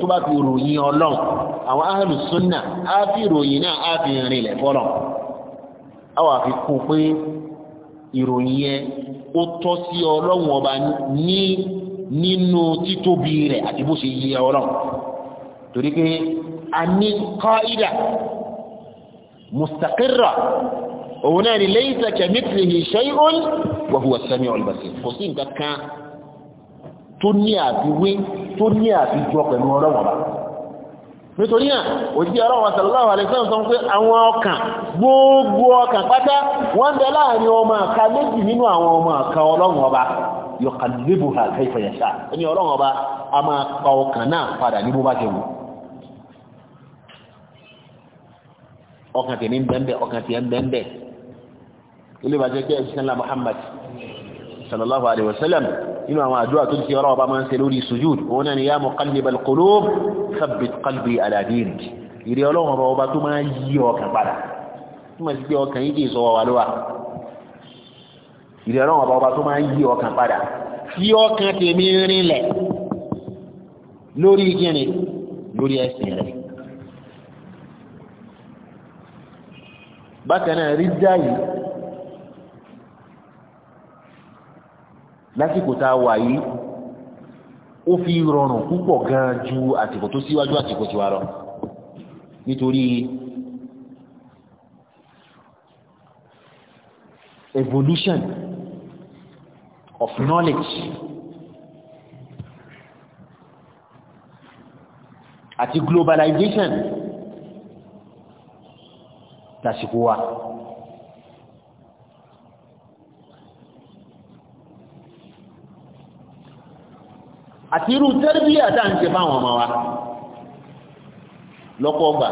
tó bá fi ròyìn ọlọ́run àwọn sunna á fi ròyìn náà á fi ìròyìn yẹn ó tọ́ sí ọlọ́run ọba ní nínú títóbi rẹ̀ àti bó ṣe yẹ ọlọ́run torí pé a ní qaida mustaqirra òun náà ni laysa kamithlihi shay'un wa huwa as-sami'ul basir kò sí nǹkan kan tó ní àfiwé tó ní àfijọ pẹ̀lú ọlọ́run ọba nítorí náà òjì ọlọ́wọ́ sàlọ́wọ́ alẹ́sàn sọ pé àwọn ọkàn gbogbo ọkàn pátá wọ́n bẹ láàrin ọmọ àka méjì nínú àwọn ọmọ àka ọlọ́run ọba yọkàlébù ha kaifa yasha ẹni ọlọ́run ọba a máa pa ọkàn náà padà ní bó bá ti wù ọkàn tèmi ń bẹ́ńbẹ́ ọkàn tèmi ń bẹ́ńbẹ́ Muhammad sallallahu alayhi wa sallam inú àwọn àdúrà tó ti ọlọ́wọ́ bá máa ń ṣe lórí sujud òun náà ni ya muqallibal qulub thabbit qalbi ala dinik ìrẹ́ ọlọ́run ọba ọba tó máa ń yí ọkàn padà tó máa ti gbé ọkàn yìí kì í sọ wà lówà ìrẹ́ ọlọ́run ọba ọba tó máa ń yí ọkàn padà fi ọkàn tèmi rinlẹ̀ lórí kíni lórí ẹ̀sìn lásìkò tá a wà yìí ó fi rọrùn púpọ̀ gan ju àsìkò tó síwájú àsìkò tiwa lọ nítorí evolution of knowledge àti globalization lásìkò wa. àti irú tẹ́rẹ́bíyà tá à ń ṣe fáwọn ọmọ wa lọ́pọ̀ ọgbà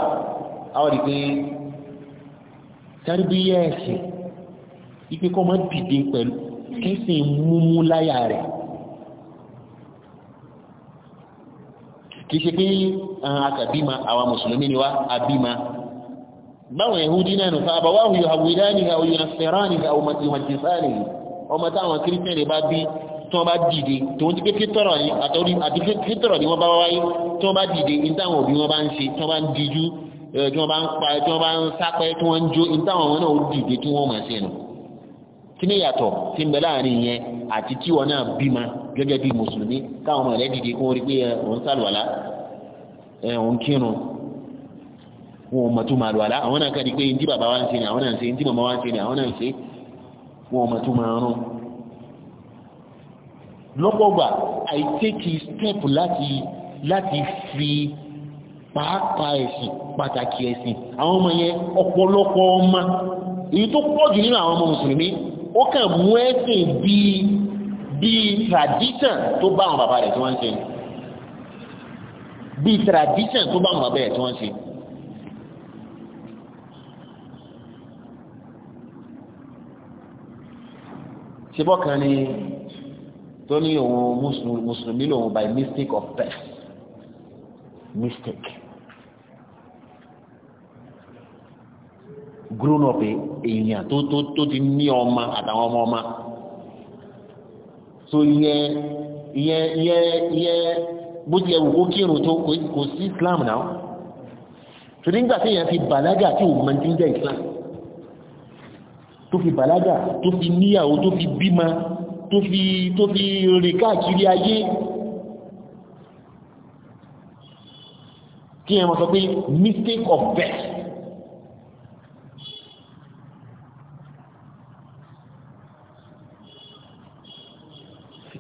àwọn ìpè tẹ́rẹ́bíyà ẹ̀sìn ìpè kọ́ máa dìde pẹ̀lú kí sì ń múmú láyà rẹ̀ kìí ṣe pé àkàbímà àwọn mùsùlùmí ni wá àbímà báwọn yahudi náà nù fáwọn yóò hàwìdá ní àwọn yóò ní àwọn ọmọ ọmọ táwọn kírísítẹ́nì bá bí tí wọ́n bá dìde tí wọ́n ti pé fítọ̀rọ̀ ni àtọ́rí àti fítọ̀rọ̀ ni wọ́n bá wáyé tí wọ́n bá dìde ìtàwọn òbí wọn bá ń ṣe tí wọ́n bá ń dijú tí wọ́n bá ń pa tí wọ́n bá ń sápẹ́ tí wọ́n ń jó ìtàwọn wọn náà ó dìde tí wọ́n máa ṣe nù. kí ni yàtọ̀ tí ń bẹ láàrin yẹn àti tí wọn náà bímọ gẹ́gẹ́ bí mùsùlùmí káwọn ọmọ rẹ dìde kó rí pé òun sàlùwàlá òun kírun wọn ò mọ̀tún màlúwà lá àwọn náà kàdí pé ní bàbá wa ń ṣe ni àwọn náà ń ṣe ní tí màmá wa ń ṣe ni àwọn náà ń ṣe wọn ò mọ̀tún màrún lọ́pọ̀gbà àìtẹ́kì step láti láti fi pàápàá ẹ̀sìn pàtàkì ẹ̀sìn àwọn ọmọ yẹn ọ̀pọ̀lọpọ̀ ọmọ èyí tó pọ̀ jù nínú àwọn ọmọ mùsùlùmí ó kàn mú ẹ̀sìn bíi bíi tradition tó bá àwọn bàbá rẹ̀ tí wọ́n ń ṣe bíi tradition tó bá àwọn bàbá rẹ̀ tí wọ́n ṣe. ṣe bọ́ kan ni tó ní òun mùsùlùmí lòun by mistake of birth mistake grown up èèyàn tó tó tó ti ní ọmọ àtàwọn ọmọ ọmọ so yẹ yẹ yẹ yẹ bó ti ẹwù kó kírun tó kò sí Islam náà tó nígbà tí èèyàn fi bàlágà tí òun máa ń jẹ́ Islam tó fi bàlágà tó fi níyàwó tó fi bímọ tó fi tó fi rìn káàkiri ayé kí ẹ mọ̀ sọ pé mistake of birth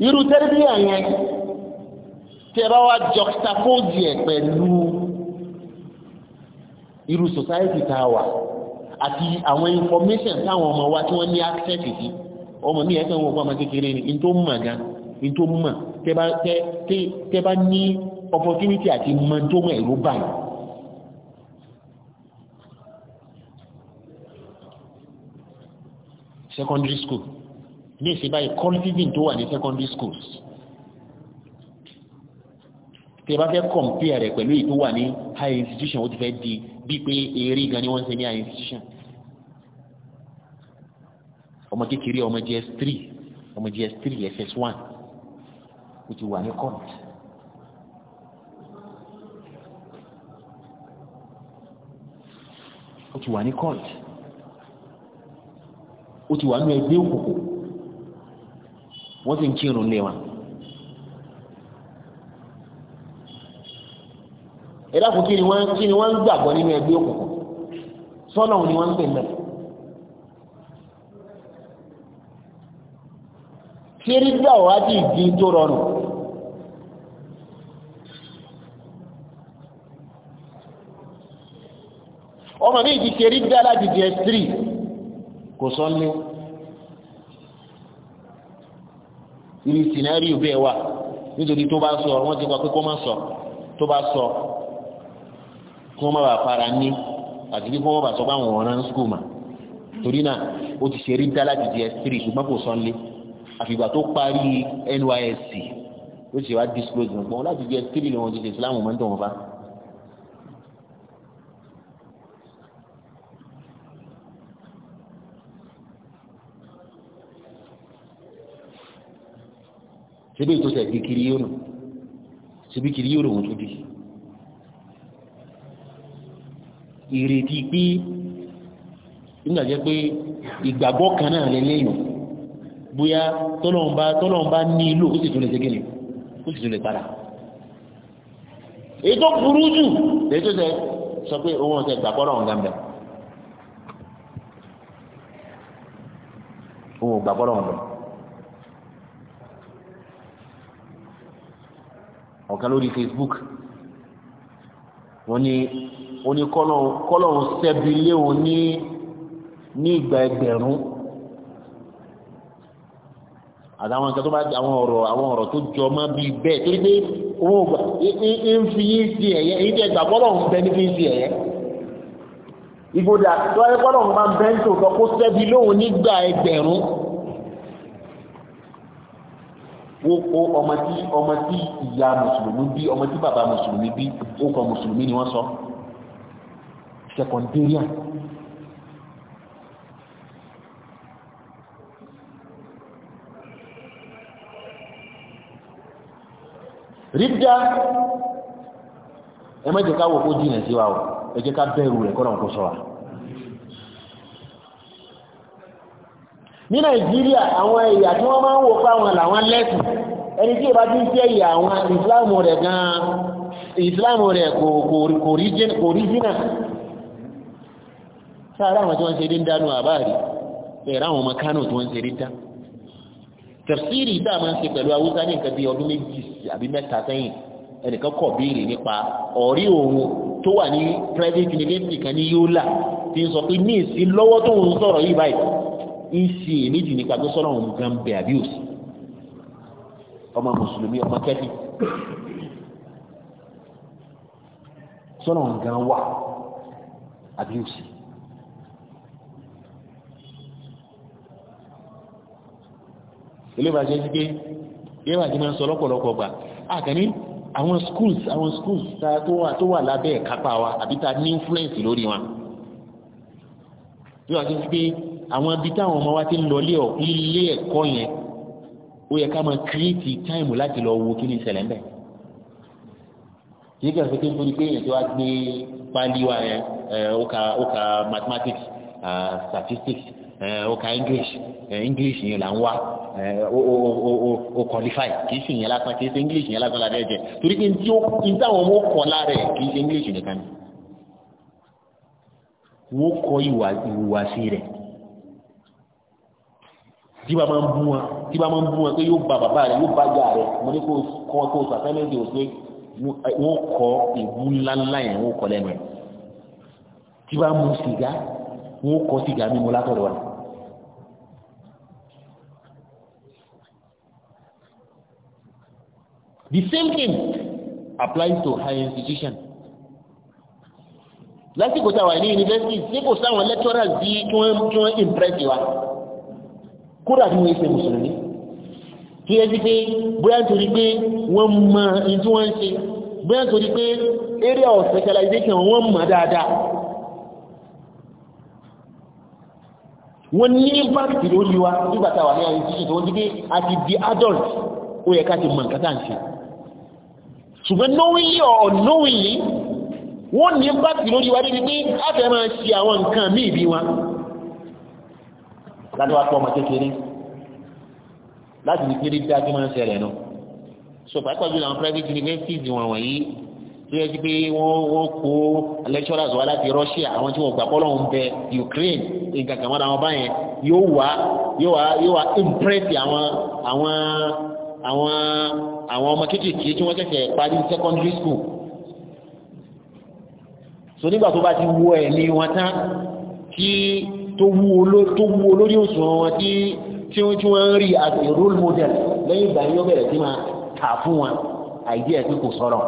irú tẹ́lifíà yẹn tẹ́ra wa juxtapose ẹ̀ pẹ̀lú irú society tá a wà àti àwọn information táwọn ọmọ wa tí wọ́n ní access sí ọmọ mi ẹ̀kẹ́ wọn ọmọ kékeré ni in tó mọ̀ gan in tó mọ̀ tẹ́ bá ní opportunity àti mọ̀ tó mọ̀ ẹ̀rọ báyìí secondary school ní ìsìn báyìí cultivin tó wà ní secondary schools tí ẹ bá fẹ́ compare rẹ̀ pẹ̀lú èyí tó wà ní high institution ó ti fẹ́ di bí pé eré gan ni wọ́n ń ní high institution ọmọ kékeré ọmọ js three ọmọ js three ss one o ti wà ní court. ó ti wà ní court ó ti wà ní ẹgbẹ́ òkùnkùn wọ́n sì ń kírun lé wa. ẹ dákun kí ni wọ́n gbàgbọ́ nínú ẹgbẹ́ òkùnkùn sọ́nà òun wọ́n ń pè mẹ́ta. tírí gbà wá di ìdí tó rọrùn. ọmọ mi ti tírí gbà láti jẹ tírì kò sọ ní irú sìnárì bẹ́ẹ̀ wà nítorí tó bá sọ wọ́n ti wá pé kó má sọ tó bá sọ kí wọ́n má bàa fara ní àti kí wọ́n má bàa sọ pé àwọn ọ̀ràn skul mà torí náà ó ti ṣe rí dá láti jẹ tírì ṣùgbọ́n kò sọ ní àfìgbà tó parí NYSC ló ṣe wá disclose nǹkan láti bí ẹ tírì ni wọ́n ti ṣe ìsìláàmù mọ́tò wọn fa. síbi tó tẹ̀ di kiri yóò nù síbi kiri yóò ròhun tó di ìrètí pé nígbà jẹ́ pé ìgbàgbọ́ kan náà lè léyìn bóyá tọ́lọ́mbà tọ́lọ́mbà ní ìlò ó sì tún lè ṣe kíni ó sì tún lè padà èyí tó burú jù lèyí tó sẹ sọ pé owó ọ̀sẹ̀ gbàgbọ́dọ̀ ọ̀hún gàmbẹ̀ owó gbàgbọ́dọ̀ ọ̀hún gàmbẹ̀ ọ̀kan lórí Facebook wọ́n ní wọ́n ní kọ́lọ̀ kọ́lọ̀ sẹ́bi lé wọn ní ní ìgbà ẹgbẹ̀rún àtàwọn nǹkan tó bá àwọn ọ̀rọ̀ àwọn ọ̀rọ̀ tó jọ mọ́ bí bẹ́ẹ̀ torí pé owó gbà ń fi yín sí ẹ̀yẹ èyí tẹ́ gbà bọ́lọ̀ ń bẹ ní fi ń sí ẹ̀yẹ. ìgbòdà tó ẹ bọ́lọ̀ ń bá ń bẹ́ ń tò sọ kó sẹ́bi lóhùn nígbà ẹgbẹ̀rún. wo ko ọmọ tí ọmọ tí ìyá mùsùlùmí bí ọmọ tí bàbá mùsùlùmí bí ó kọ mùsùlùmí ni wọ́n sọ secondarian. rídà ẹ má jẹ́ ká wò kó jìnà sí wa o ẹ jẹ́ ká bẹ̀rù rẹ̀ kọ́nà kó sọ wa ní nàìjíríà àwọn ẹ̀yà tí wọ́n máa ń wò fáwọn làwọn lẹ́sìn ẹni tí ìbá tí ń tẹ́ ìyà àwọn ìsìláàmù rẹ̀ gan-an ìsìláàmù rẹ̀ kò rí jìnà sáà ráwọn tí wọ́n ṣe rí ń dánú àbáàrí ẹ̀ráwọn ọmọ kánò tí wọ́n ṣe rí dánú tẹ̀síìrì tá a máa ń ṣe pẹ̀lú haúsá ní nǹkan bíi ọdún méjì àbí mẹ́ta sẹ́yìn ẹnìkan kọ̀ béèrè nípa ọ̀rí òun tó wà ní private university kan ní Yola ti sọ pé ní ìsín lọ́wọ́ tó ń sọ̀rọ̀ yìí báyìí ń ṣe èméjì nípa pé sọ́nà òun gan bẹ̀ àbí òsì ọmọ mùsùlùmí ọmọ kẹ́fì sọ́nà òun gan wà àbí òsì. eléwàjẹ́ sí pé eléwàjẹ́ máa ń sọ lọ́pọ̀lọpọ̀ gbà àkànní àwọn schools àwọn schools tó wà lábẹ́ ìkápá wa àbí ta ní influence lórí wọn eléwàjẹ́ sí pé àwọn ibi táwọn ọmọ wa ti ń lọ ilé ẹ̀kọ́ yẹn ó yẹ ká máa create time láti lọ wo kí ni ìṣẹ̀lẹ̀ ń bẹ yìí kẹsàn-án tó ń torí pé èèyàn tó wá gbé pálí wa yẹn ó ó ka mathematics statistics ó ka English English yẹn là ń wá. Eh, o qualify kìí ṣe ìyẹn lásán kìí ṣe english yẹn lásán ládẹ́ jẹ torí pé tí ó ń táwọn ọmọ kọ lára ẹ̀ kìí ṣe english nìkan ni wọ́n kọ ìhùwàsí rẹ̀ tí bá máa ń bú wọn tí bá máa ń bú wọn pé yóò ba bàbá rẹ̀ yóò bá jà rẹ̀ mo ní kó kọ́ kó sàtẹ́lẹ́sì òṣèré wọ́n kọ ìbú ńláńlá yẹn wọ́n kọ lẹ́nu ẹ̀ tí bá mu sìgá wọ́n kọ sìgá mímu látọ̀dọ̀ rẹ̀ The same thing applies to higher institution. Lásìkò táwa ní university tí kò sáwọn lecturers bí tí wọ́n impress wa. Kódà tí wọ́n ṣe Mùsùlùmí. Tí ẹ sí pé bóyá nítorí pé wọ́n mọ ẹni tí wọ́n ń ṣe, bóyá nítorí pé area of specialization wọ́n mọ̀ dáadáa. Wọ́n ní impact lórí wa nígbà táwa ní àwọn institution tó wọ́n ti pé àti the adult ó yẹ ká ti mọ̀ nǹkan tá à ń ṣe ṣùgbọ́n knowingly or unknowingly wọ́n ní báàkì lórí wa débi pé àfẹ́ máa ṣe àwọn nǹkan mí ìbí wa láti wá pọ̀ ọmọ kékeré láti ní kéré bí adé máa ń ṣẹlẹ̀ náà so pàápàá jùlọ àwọn private universities wọn wọ̀nyí tó yẹ kí pé wọ́n kó lecturers wá láti Russia àwọn tí wọ́n gbà pọ́lọ́ ń bẹ Ukraine nǹkan kan mọ́ra wọn báyẹn yóò wá yóò wá yóò wá impress àwọn àwọn àwọn àwọn ọmọ kéékèèké tí wọ́n ṣẹ̀ṣẹ̀ parí secondary school so nígbà tó bá ti wọ ẹ̀ ní wọn tán kí tó wú olórí òṣùwọ̀n wọn tí tí wọ́n tí ń rí as a role model lẹ́yìn ìgbà yóò bẹ̀rẹ̀ sí máa kà fún wọn àìdí ẹ̀ tí kò sọ̀rọ̀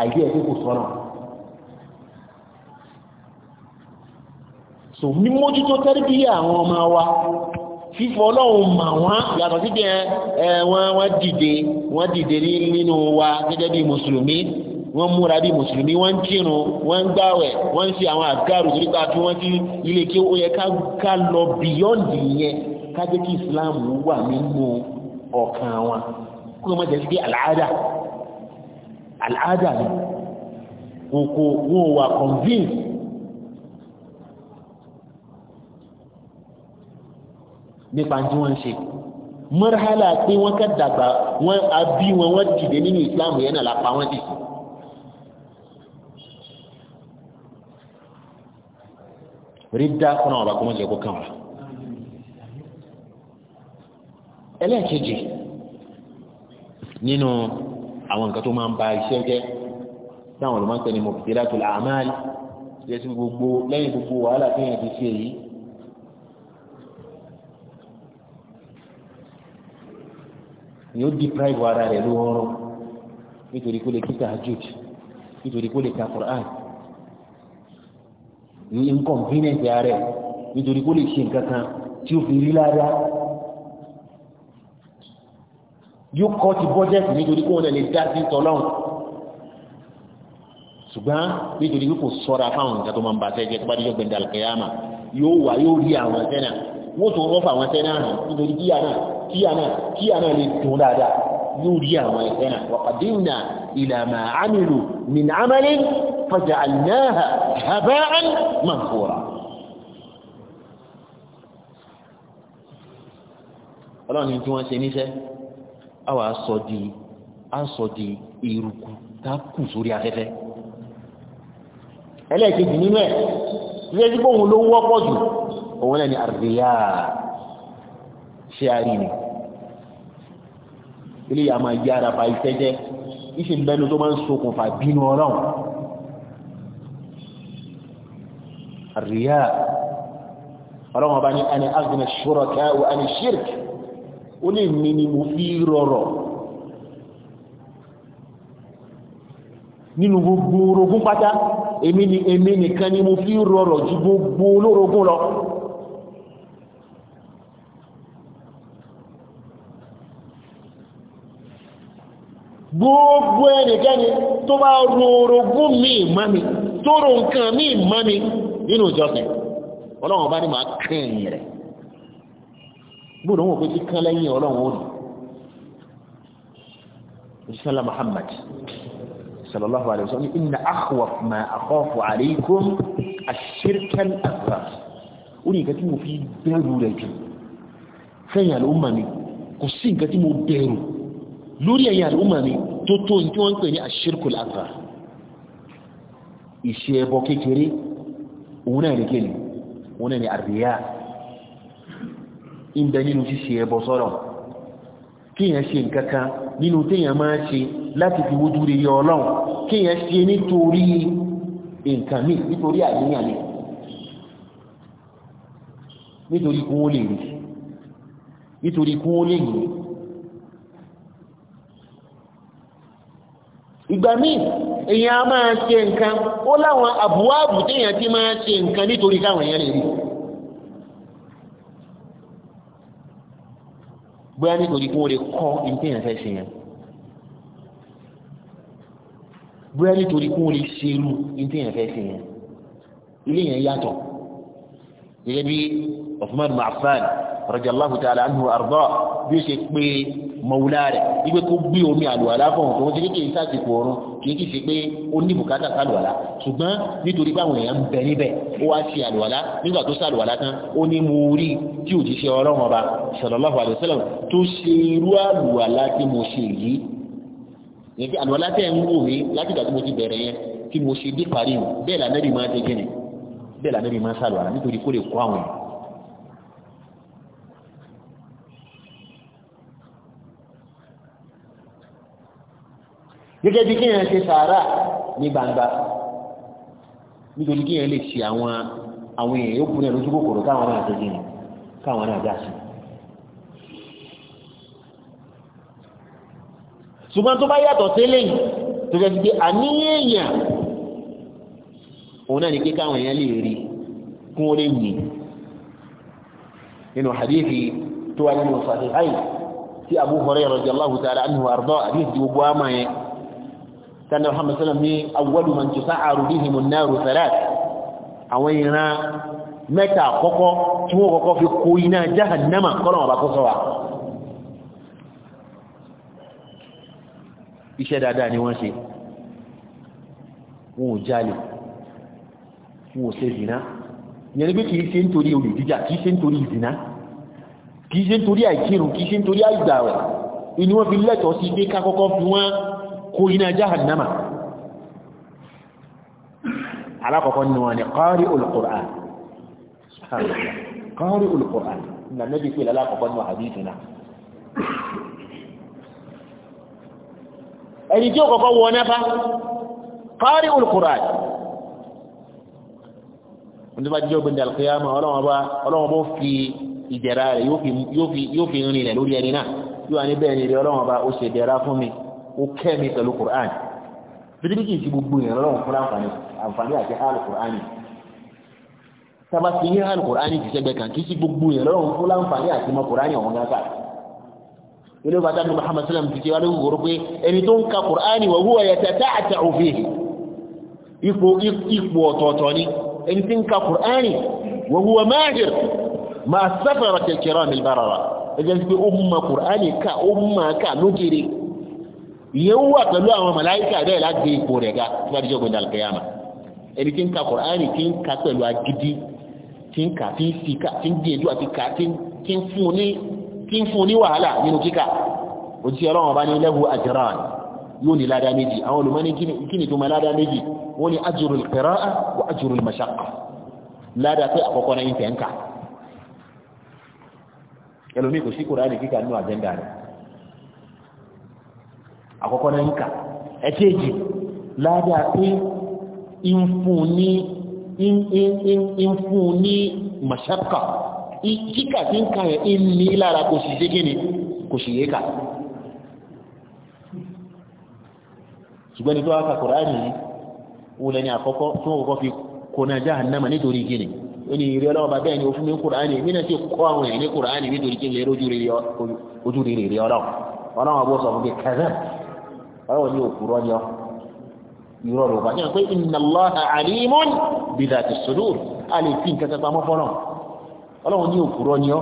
àìdí ẹ̀ tí kò sọ̀rọ̀ so mímójútó tẹ́rìbíyà àwọn ọmọ wa fífọ́ ọlọ́run mà wọ́n yàtọ̀ sí pé ẹ wọ́n wọ́n dìde wọ́n dìde nínú wa gẹ́gẹ́ bí mùsùlùmí wọ́n múra bí mùsùlùmí wọ́n ń kírun wọ́n ń gbàwẹ̀ wọ́n ń ṣe àwọn àgárù torí pé àti wọ́n ti ilé kí ó yẹ ká lọ bíyọ́ǹdì yẹn ká jẹ́ kí Islam wà nínú ọkàn wọn kó o má jẹ́ sí pé àlàáda àlàáda ni wọn kò wọn wà convince nípa tí wọ́n ń ṣe mọ́rálà pé wọ́n kẹ́ dàgbà wọ́n abí wọn wọ́n dìde nínú ìsìláàmù yẹn náà lápá wọ́n dì sí. rídá kọ́nà ọ̀bà kọ́mọ́ jẹ́ kó kàn wá. ẹlẹ́ẹ̀kejì nínú àwọn nǹkan tó máa ń ba iṣẹ́ jẹ́ táwọn olùmọ̀ọ́sẹ́ ni mo fi dé látò làmáàlì yẹ sí gbogbo lẹ́yìn gbogbo wàhálà tó yẹn ti ṣe yìí yóò deprive ara rẹ̀ lóorun nítorí kó lè kí tahajjud nítorí kó lè ka Qur'an ní inconvenience ara rẹ̀ nítorí kó lè ṣe nǹkan kan tí ó fi rí lára yóò kọ́ ti budget nítorí kó wọn lè dá sí tọ́lọ́hún ṣùgbọ́n nítorí kó sọ́ra fáwọn nǹkan tó máa ń bàtẹ́ jẹ́ tó bá dé jọ́gbẹ̀ndà al-qiyama yóò wá yóò rí àwọn ẹ̀sẹ̀ náà wọ́n tó rọ́fà àwọn ẹsẹ̀ náà hàn nítorí kíyà náà kíyà náà kíyà náà lè dùn dáadáa yóò rí àwọn ẹsẹ̀ náà wàkàdínà ìlànà àmìlù min amalin faja'alnaha haba'an manthura ọlọ́run tí wọ́n ṣe níṣẹ́ àwọn aṣọ di aṣọ di eruku tá a kù sórí afẹ́fẹ́ ẹlẹ́ẹ̀kejì nínú ẹ̀ ṣíṣẹ́ tí kò ń lo wọ́pọ̀ jù òun náà ni àríyá ṣe àrí ni ilé yà máa yára ba iṣẹ́ jẹ́ iṣẹ́ bẹ́nu tó máa ń ṣokùnfà bínú ọlọ́run àríyá ọlọ́run ọba ní ẹni agbẹ̀nà ṣúrọ̀ káwọ́ ẹni ṣírk ó lè ní ni mo fi rọrọ̀ nínú gbogbo orogún pátá èmi nìkan ni mo fi rọrọ̀ ju gbogbo olórogún lọ gbogbo ẹnikẹ́ni tó bá rorogún mi mọ́ mi tó ro nǹkan mi mọ́ mi nínú ìjọsìn ọlọ́run bá ní máa kàn yìí rẹ̀ gbọ́dọ̀ wọn kò sí kán lẹ́yìn ọlọ́run ó nù ìṣẹ́lá Muhammad sallallahu alayhi wa sallam inna akhwaf ma akhafu alaykum ashirkan akbar ó ní nǹkan mo fi bẹ̀rù rẹ̀ jù fẹ́yìn àlọ́ ó mà mí kò sí nǹkan tí mo bẹ̀rù lórí ẹ̀yìn àlúmà ni tó tó ní tí wọ́n ń pè ní àṣírkùl àgbà ìṣe ẹbọ kékeré òun náà ní kéèlì òun náà ní àríyá ń bẹ nínú ṣíṣe ẹbọ sọ́rọ̀ kíyàn ṣe nǹkankan nínú téèyàn máa ṣe láti fi wójú rí ọlọ́run kíyàn ṣe nítorí ìgbà míì èyàn a máa ṣe nǹkan ó láwọn àbúwáàbù téèyàn ti máa ṣe nǹkan nítorí káwọn èèyàn lè rí bóyá nítorí kí wọ́n lè kọ́ ìpínyàn fẹ́ ṣe yẹn bóyá nítorí kí wọ́n lè ṣe irú ìpínyàn fẹ́ ṣe ilé yẹn yàtọ̀ gẹ́gẹ́ bí Uthman Affan radiyallahu ta'ala anhu arda bí ó ṣe pé mọ̀wúlá rẹ̀ wípé kó gbé omi àlùwàlá fún òun tó ń ṣe kéèké sásìkò ọ̀run kìí kìí ṣe pé ó ní bùkátà sálùwàlá ṣùgbọ́n nítorí pé àwọn èèyàn ń bẹ níbẹ̀ ó wá ṣe àlùwàlá nígbà tó ṣàlùwàlá tán ó ní mo rí tí òjíṣẹ́ ọlọ́run ọba sallallahu alaihi wasallam tó ṣe irú àlùwàlá tí mo ṣe yìí yẹtí àlùwàlá tẹ̀ ń wò mí láti ìgbà tí mo ti bẹ̀rẹ̀ yẹn tí mo ṣe dé parí bẹ́ẹ̀ lànà gẹ́gẹ́ bí kéèyàn ṣe sàárà ní gbangba nítorí kéèyàn lè ṣe àwọn àwọn èèyàn yóò kúrẹ́ lójú kòkòrò káwọn náà tẹ́jú ni káwọn náà dá sí i. ṣùgbọ́n tó bá yàtọ̀ sílẹ̀ yìí tó jẹ́ pé àníyàn òun náà ni pé káwọn èèyàn lè rí kún ó lè yìn nínú hadithi tó wà nínú sahihayn tí Abu Hurairah radiyallahu ta'ala anhu àrùdọ́ àdéhìí gbogbo àmà yẹn sanni muhammad sallam ní awwalu man tusa'aru bihim an-naru thalath àwọn ìran mẹ́ta àkọ́kọ́ tí wọ́n kọ́kọ́ fi kó iná jahannama kọ́nà ọba kó sọ́wà iṣẹ́ dáadáa ni wọ́n ṣe wọn ò jalè wọn ò ṣe zina yẹn ni pé kìí ṣe nítorí olùdíjà kìí ṣe nítorí ìzina kìí ṣe nítorí àìkírun kìí ṣe nítorí àìgbàwẹ̀ inú wọn fi lẹ́tọ̀ọ́ sí pé ká fi wọ́n ko iná jahannama alákọ̀ọ́kọ́ ni wọ́n ni qari ul-Qur'an qari ul-Qur'an na nabi pé alákọ̀ọ́kọ́ ni wọ́n hadithu na ẹni tí ó kọ̀kọ́ wọ nẹ́fà qari ul-Qur'an wọ́n bá jẹ́ ògbìn al-qiyama ọlọ́wọ́ bó fi ìdẹ̀ra rẹ̀ yóò fi rìnrìn lórí ẹni náà yóò wá ní bẹ́ẹ̀ ni rẹ̀ ọlọ́wọ́ bá ó ṣe dẹ̀ra fún mi ó kẹ́ mi pẹ̀lú Qur'an títí bí kì í ti gbogbo ìrìn lọ́wọ́ fún àǹfààní àǹfààní àti hàn Qur'an tába ti ní hàn Qur'an ti sẹ́gbẹ̀ kan kì í ti gbogbo ìrìn lọ́wọ́ fún àǹfààní àti mọ Qur'an ọ̀hún gáta ilé bàtà ní Muhammad sallam ti ṣe wá lóko kóró pé ẹni tó ń ka Qur'an wa huwa yatata'ta'u fihi ipò ipò ọ̀tọ̀ọ̀tọ̀ ni ẹni tí ń ka Qur'an wa huwa mahir ma safarat al ìyẹn wà pẹ̀lú àwọn màláíkà bẹ́ẹ̀ láti ipò rẹ̀ ga tí wọ́n ti jọ gbẹ̀dà àlùkìyámà ẹni tí ń ka Kùránì tí ń ka pẹ̀lú agídí tí ń ka tí ń fi ká tí ń gbìyànjú àti ká tí ń fún un ní wàhálà nínú kíkà òjíṣẹ́ ọlọ́run ọba ní lahu ajran yóò ní ládá méjì àwọn olùmọ́ni kí ni tó ma ládá méjì wọ́n ni àkọ́kọ́ náà ń kà ẹ̀kejì ládàá pé ń fún ní ń fún ní mọ̀ṣẹ́kà kíkà tí ń kààyàn ń ní lára kò sì ṣe kíni kò sì yé kà ṣùgbọ́n ní tó wá kà Kùránì wọlé ní àkọ́kọ́ tí wọ́n kọ́kọ́ fi kò náà jahannama nítorí kíni ó ní ìrírí ọlọ́wọ́ bàbá ẹni òfin ní Kùránì mí náà ti kọ́ àwọn èèyàn Kùránì nítorí kíni lè rójú rere ọlọ́wọ́ ọlọ́wọ́ bó sọ fún mi kẹ́rẹ́ ọlọ́wọ́ ní òkúrọ́ yọ irọ́ rẹ̀ wájú pé inna Allaha alimun bidhati sudur a lè fi nǹkan pamọ́ fọ́nà ọlọ́wọ́ ní òkúrọ́ yọ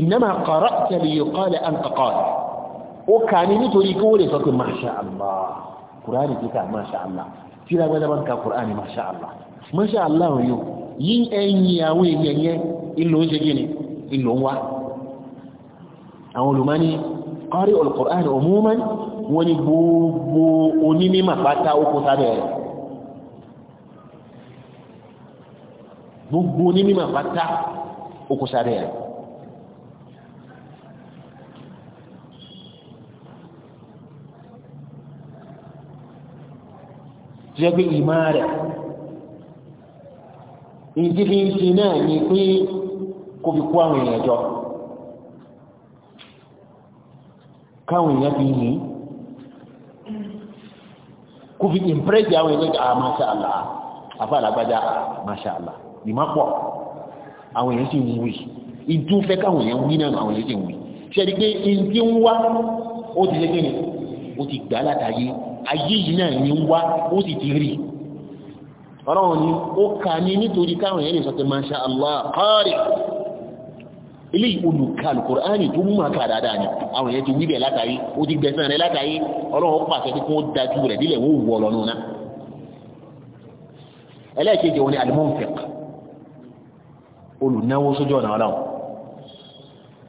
innama qara'ta li yuqala anta qala ó kà ní nítorí kí lè sọ pé masha Allah kùránì kíkà masha Allah tí lágbàdá bá ń ka kùránì masha Allah masha Allah yóò yí ẹ̀yìn àwọn èèyàn ìlò ń gíní ìlò wá àwọn olùmọ́ ní qari'ul Qur'an wọ́n ní gbogbo onímọ̀ pátá ó kó sábẹ́ rẹ̀ gbogbo onímọ̀ pátá ó kó sábẹ́ rẹ̀. jẹ́ ìmọ̀ rẹ̀ ìdí náà ni pé kó fi kó àwọn èèyàn jọ káwọn èèyàn fi yìn kó fi ìmpírẹ́jì àwọn èèyàn ah masha allah afa alágbájá ah, masha allah ní má pọ̀ àwọn èèyàn sì ń wí ìdú fẹ́ káwọn èèyàn wí náà àwọn èèyàn sì ń wí ṣẹ́ni pé ìdí ń wá ó ti lẹ́gbẹ̀ẹ́ ni ó ti gbà látàyé ayé yìí náà ni ń wá ó sì ti rí ọlọ́run ni ó kà ní nítorí káwọn èèyàn lè sọ pé masha allah qari ele olùkà alukur'ani tó mú màkà dáadáa ni àwọn èèyàn ti wí bẹ́ẹ̀ látàrí ó ti gbẹ̀san rẹ̀ látàrí ọlọ́run pàṣẹ pé kí wọ́n dájú rẹ̀ nílẹ̀ wọ́n wọ̀ lọ́nà náà ẹlẹ́ẹ̀kejì na ni o olùnáwó sójú ọ̀nà ọlọ́run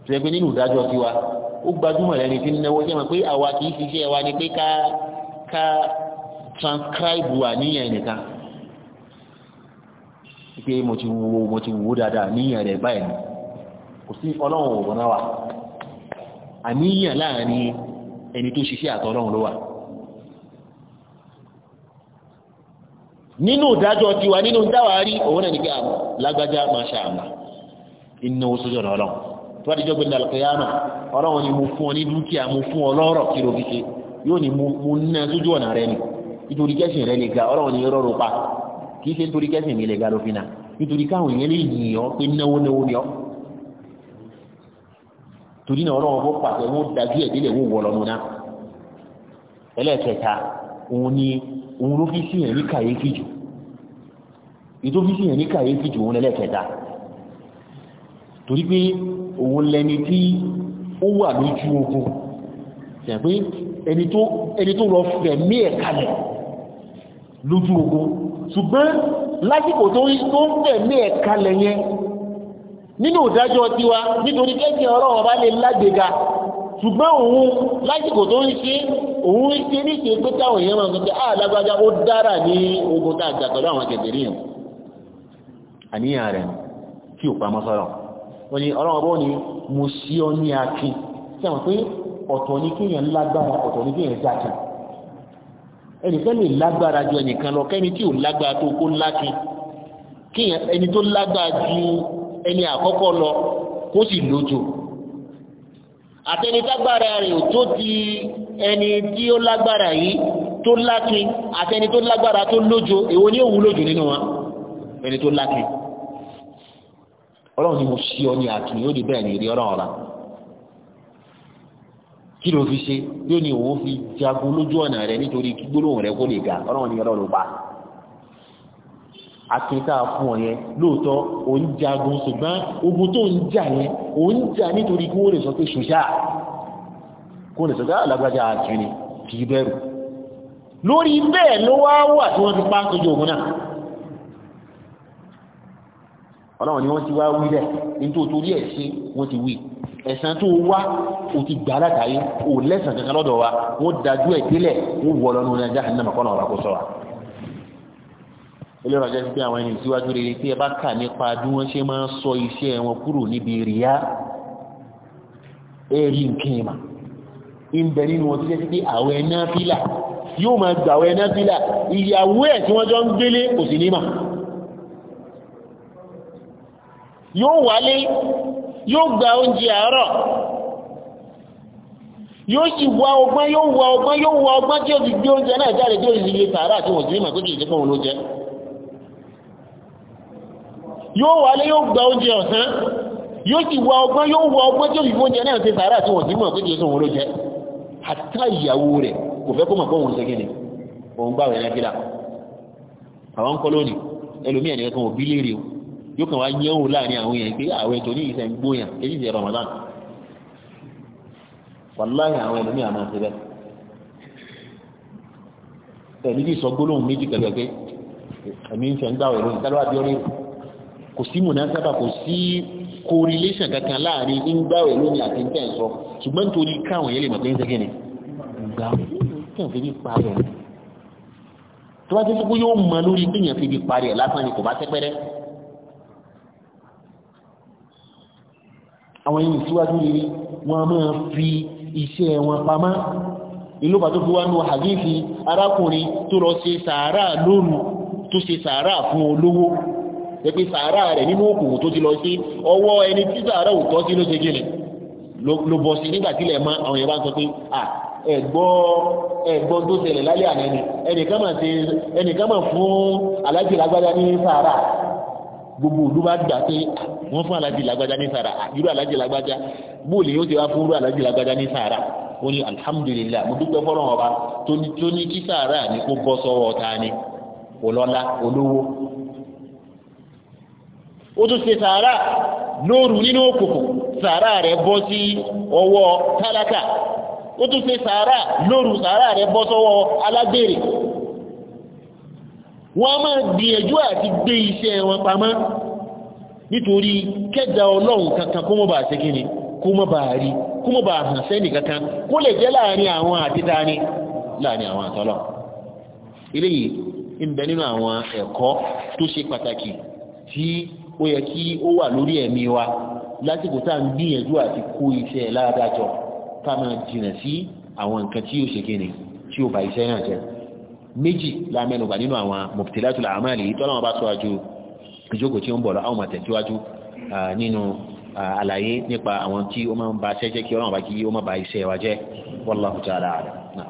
tó yẹ pé nínú ìdájọ́ tiwa ó gbajúmọ̀ lẹ́ni tí ń náwó sí pé àwa kì í wa ni pé ká ká transcribe wa níyẹn nìkan pé mo ti wo mo ti wo dáadáa níyẹn báyìí kò sí ọlọ́run ò wọ́nà wa àníyàn láàrin ẹni tó ṣiṣẹ́ àti ọlọ́run ló wà. nínú ìdájọ́ tiwa nínú dáwàárí òun náà ní lágbájá máa ṣe inú sójú ọlọ́run tó bá dijọ́ gbẹ̀dẹ̀ àlùkìyámà ọlọ́run ni mo fún ọ ní dúkìá mo fún ọ lọ́rọ̀ kí ló fi ṣe yóò ní mo ná sójú ọ̀nà rẹ ni nítorí kẹ́sìn rẹ lè ga ọlọ́run ni rọrùn pa kì í ṣe nítorí kẹ́sìn mi lè ga lófin náà nítorí káwọn èèyàn lè yìn ọ pé náwó náwó ni ọ torí náà ọlọ́wọ́ bó pàṣẹ wọn dájú ẹ̀ délẹ̀ wọn wọ lọ́nu náà ẹlẹ́ẹ̀kẹta òun ni òun ló fi sí yẹn ní kàyéfì jù ètò fi sí yẹn ní kàyéfì jù òun lẹ́lẹ́kẹta torí pé òun lẹni tí ó wà lójú ogun ṣẹ̀pẹ́ ẹni tó lọ fẹ̀mí ẹ̀ kalẹ̀ lójú ogun ṣùgbọ́n lásìkò tó ń fẹ̀mí ẹ̀ kalẹ̀ yẹn nínú ìdájọ́ tiwa nítorí kẹ́sì ọ̀rọ̀ ọba lè lágbèga ṣùgbọ́n òun lásìkò tó ń ṣe òun ń ṣe ní ṣe pé táwọn èèyàn máa ń sọ pé ah lágbájá ó dára ní ogun tá a gbà pẹ̀lú àwọn kẹ̀kẹ́ ríyàn àníyàn rẹ̀ kí ò pamọ́ sọ́rọ̀ wọ́n ní ọlọ́run bọ́ ni mo ṣí ọ ní akin tí àwọn pé ọ̀tọ̀ ni kéèyàn lágbára ọ̀tọ̀ ni kéèyàn jákin ẹnìkan lè lágbára ju ẹnìkan lọ kẹ́ni tí ò lágbára tó kó ńlá kéèyàn ẹni tó lágbára ju ẹni àkọ́kọ́ lọ kó sì lójò àtẹnitágbára rẹ̀ tó ti ẹni tí ó lágbára yìí tó lákin àtẹni tó lágbára tó lójò èwo ni ó wúlò jù nínú wa ẹni tó lákin ọlọ́run ni mo ṣí ọ ní àkìní ó di bẹ́ẹ̀ ní rí ọlọ́run ọ̀la kí ló fi ṣe yóò ní òun fi jagun lójú ọ̀nà rẹ̀ nítorí gbólóhùn rẹ̀ kó lè ga ọlọ́run ni ọlọ́run bá a akéta fún ọ yẹn lóòótọ́ ò ń jagun ṣùgbọ́n ogun tó ń jà yẹn ò ń jà nítorí kí wọ́n lè sọ pé ṣùṣà kó lè sọ pé alágbájá ah, àkìrì kì í bẹ̀rù lórí bẹ́ẹ̀ ló wá wà tí wọ́n ti pa sójú ogun náà ọlọ́run ni wọ́n ti wá wí rẹ̀ nítorí ẹ̀ ṣe wọ́n ti wí ẹ̀sán tó wá o ti gbà látàrí o lẹ́sàn kankan lọ́dọ̀ wa wọ́n dájú ẹ̀ délẹ̀ wọ́n wọ lọ́nu náà jáde náà mọ̀kànlá ọ̀rọ̀ àkóso wa eléyìí ọjọ́ sí pé àwọn ẹni síwájú rere tí ẹ bá kà nípa bí wọ́n ṣe máa ń sọ iṣẹ́ wọn kúrò níbi rìá èrí nǹkan ìmà ìbẹ̀ nínú wọn tó jẹ́ sí pé àwẹ̀ náfílà yóò máa gbà àwẹ̀ náfílà ìyàwó ẹ̀ tí wọ́n jọ ń gbélé kò sí nímà yóò wálé yóò gba oúnjẹ àárọ̀ yóò sì wá ọgbọ́n yóò wá ọgbọ́n yóò wá ọgbọ́n tí ó ti gbé oúnjẹ náà jáde tí ó ti lè tààrà àti wọ̀n sí nímà tó kì jẹ́ fún òun ló jẹ́ yóò wálé yóò gba oúnjẹ ọ̀sán yóò sì wá ọgbọ́n yóò wá ọgbọ́n tí òyìnbó oúnjẹ náà ṣe sàárà tí wọ́n sì mọ̀ pé jésù òun ló jẹ́ àtà ìyàwó rẹ̀ kò fẹ́ kó mọ̀ pọ́n òun ṣe kíni òun bá wẹ̀rẹ̀ kílà àwọn kọ́ lónìí ẹlòmíà nìkan kan òbí léèrè o yóò kàn wá yẹ́ òun láàrin àwọn èèyàn pé àwọn ètò ní ìṣẹ̀ ń gbóyàn èyí ṣe Ramadan wàláhì àwọn ẹlòmíà máa ṣe bẹ́ẹ̀ ẹ̀ níbi ìsọgbólóhùn méjì kẹ̀kẹ́ pé ẹ̀mí ń ṣe ń gbà kò sí mùnásábà kò sí correlation kankan láàrin ìgbàwẹ̀ lónìí àti tẹ́ ń sọ ṣùgbọ́n torí káwọn yẹn lè mọ̀ pé ń sẹ́gẹ̀ ni ìgbàwẹ̀ tẹ́ ń fi ní parẹ̀ tó bá tẹ́sí pé yóò mọ lórí pé yẹn fi ní parẹ̀ lásán ni kò bá tẹ́pẹ́rẹ́ àwọn ẹni ìsíwájú rere wọn a máa fi iṣẹ́ wọn pamọ́ ìlú bàtó fi wá nu hadithi arákùnrin tó lọ ṣe sàárà lóru tó ṣe sàárà fún olówó pẹ̀pẹ́ sàárà rẹ̀ nínú òkùnkùn tó ti lọ sí ọwọ́ ẹni tí sàárà ò tọ́ sí ló ṣe kí ni ló bọ̀ sí nígbà tí ilẹ̀ mọ́ àwọn yẹn bá ń sọ pé à ẹ̀gbọ́ ẹ̀gbọ́ tó ṣẹlẹ̀ lálẹ́ àná ni ẹnìkan mà ṣe ẹnìkan mà fún alájì lágbájá ní sàárà gbogbo òdu bá gbà pé wọ́n fún alájì lágbájá ní sàárà irú alájì lágbájá bóòlù yóò ti wá fún irú alájì lágbájá ní sàárà ó ní alihamudulilayi mo dúpẹ́ fọ́lọ́ wọn tó ní kí sàárà ni kó bọ́ sọ́wọ́ ta ni ọlọ́lá olówó ó tún ṣe sàárà lóru nínú òkùnkùn sàárà rẹ bọ́ sí ọwọ́ tálákà ó tún sàárà lóru sàárà rẹ bọ́ sọ́wọ́ alágbèrè wọ́n máa gbìyànjú àti gbé iṣẹ́ wọn pamọ́ nítorí kẹjà ọlọ́run kankan kó mọ́ bá ṣe kíni kó mọ́ bá rí kó mọ́ bá hàn sẹ́nì kankan kó lè jẹ́ láàrin àwọn àtìta ni láàrin àwọn àtọ́lọ̀ eléyìí ń bẹ nínú àwọn ẹ̀kọ́ tó ṣe pàtàkì tí ó yẹ kí ó wà lórí ẹ̀mí wa lásìkò tá à ń gbìyànjú àti kó iṣẹ́ ládàjọ ká máa jìnà sí àwọn nǹkan tí yóò ṣe kéne tí yóò bà iṣẹ́ náà jẹ́ méjì la mẹ́nubà nínú àwọn mubtilatul a'mali yìí tọ́lọ́wọ́n bá tó àjò ìjókòó tí ó ń bọ̀ lọ àwọn mọ̀tẹ̀síwájú nínú àlàyé nípa àwọn tí ó máa ń ba ṣẹ́jẹ́ kí ọlọ́run bá kí ó máa ba iṣẹ́ wa jẹ́ wallahu ta'ala a'lam náà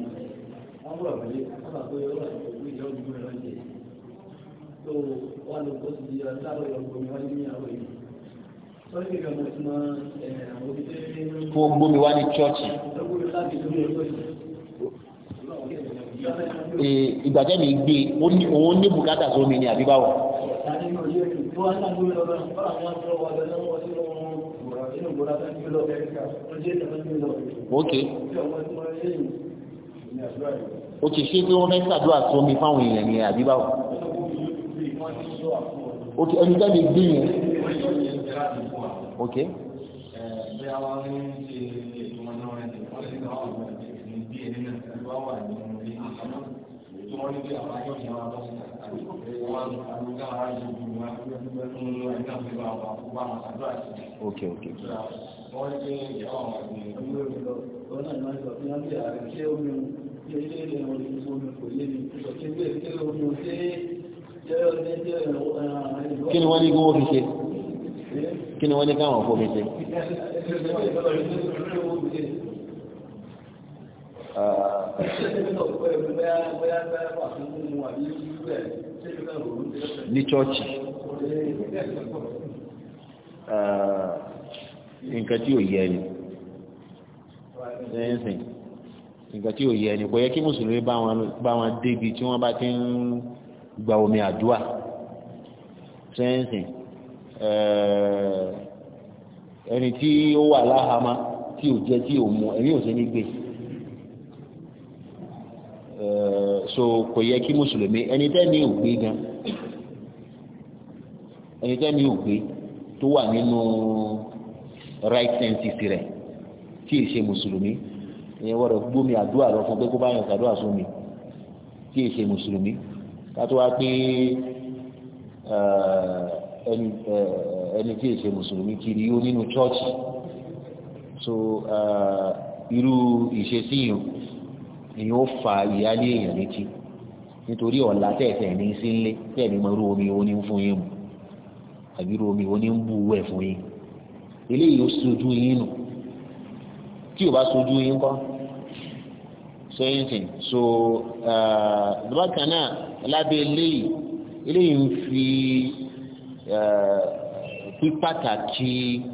wọ́n bọ̀ pé wọ́n bá pé ọ̀rọ̀ ìgbòho ìjọ òdìbò rẹ̀ lọ́jẹ̀ tó wà ló kó ti di aláwọ̀ ìyọ̀gbọ̀ mi wáyé ní àwọn èèyàn sọ́ọ́dì rẹ̀ mo ti mọ àwọn òbí tó ń gbómi wá ní chọ́ọ̀chì. ìgbàjẹ́ mi gbé òun ní bùkátà sómi ni àbí báwo. ok o ti ṣe pé wọ́n fẹ́ ṣàdúrà tó omi fáwọn èèyàn ni àbí báwo ó ti ẹni tẹ́lẹ̀ gbé yẹn ok. ok ok wọ́n jẹ́ ìyá àwọn àgbẹ̀. ọmọ ìlọ ọ̀nà ìmọ̀ ìjọ fi hàn bí ààrẹ ṣé omi o ṣé ilé ilé wọn kí ni wọ́n ní kí fi ṣe kí ni wọ́n ní káwọn fún mi ṣe. ní chọ́ọ̀chì nǹkan tí ò yẹ ni ẹ̀sìn nǹkan tí ò yẹ ni kò yẹ kí mùsùlùmí bá wọn débi tí wọ́n bá ti ń gba omi àdúrà sẹ́yìnsìn eh, ẹni tí ó wà láhàámá tí ò jẹ tí ò mu ẹni ò ní gbé eh, so kò yẹ kí mùsùlùmí ẹni tẹ́ni ò gbé gan ẹni tẹ́ni ò gbé tó wà nínú. No right senses rẹ̀ tí ì ṣe mùsùlùmí ìyẹn wọ́n rẹ̀ gbómi àdúrà lọ fún pé kó bá yàn sàdúrà sún mi tí ì ṣe mùsùlùmí kátó wá pé eh, eh, ẹni tí ì ṣe mùsùlùmí kiri yóò nínú chọ́ọ̀chì so eh, irú ìṣesí yìí èyàn ó fa ìyáálé èèyàn létí nítorí ọ̀la tẹ̀sẹ̀ ní sílé tẹ̀mí mọ́ irú omi oní fún yín mu àbí irú omi oní ń bù wẹ̀ fún yín eléyìí ó sojú yín nù tí o bá sojú yín kọ́ so yín sìn so uh, bákan náà lábẹ́ eléyìí eléyìí ń fi pípàtàkì uh,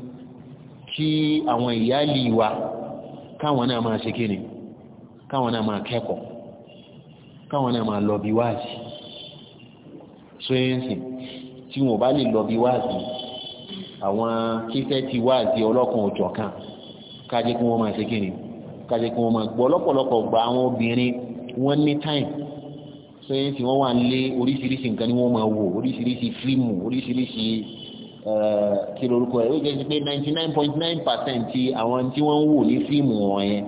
kí àwọn ìyáàlì wa káwọn náà máa ṣe kíni káwọn náà máa kẹ́kọ̀ọ́ káwọn náà máa lọ bí wáàsì so yín sìn tí wọn ò bá lè lọ bí wáàsì àwọn kíkẹ́ ti wá àti ọlọ́kan ọ̀jọ̀ kan kájẹ́ kí wọ́n máa ṣe kí ni kájẹ́ kí wọ́n máa gbọ́ lọ́pọ̀lọpọ̀ gba àwọn obìnrin wọ́n ní time sẹ́yìn tí wọ́n wà ń lé oríṣiríṣi nǹkan ni wọ́n máa wò oríṣiríṣi fíìmù oríṣiríṣi kí lorúkọ ẹ̀ ó jẹ́ sí pé ninety nine point nine percent ti àwọn tí wọ́n ń wò ní fíìmù wọn yẹn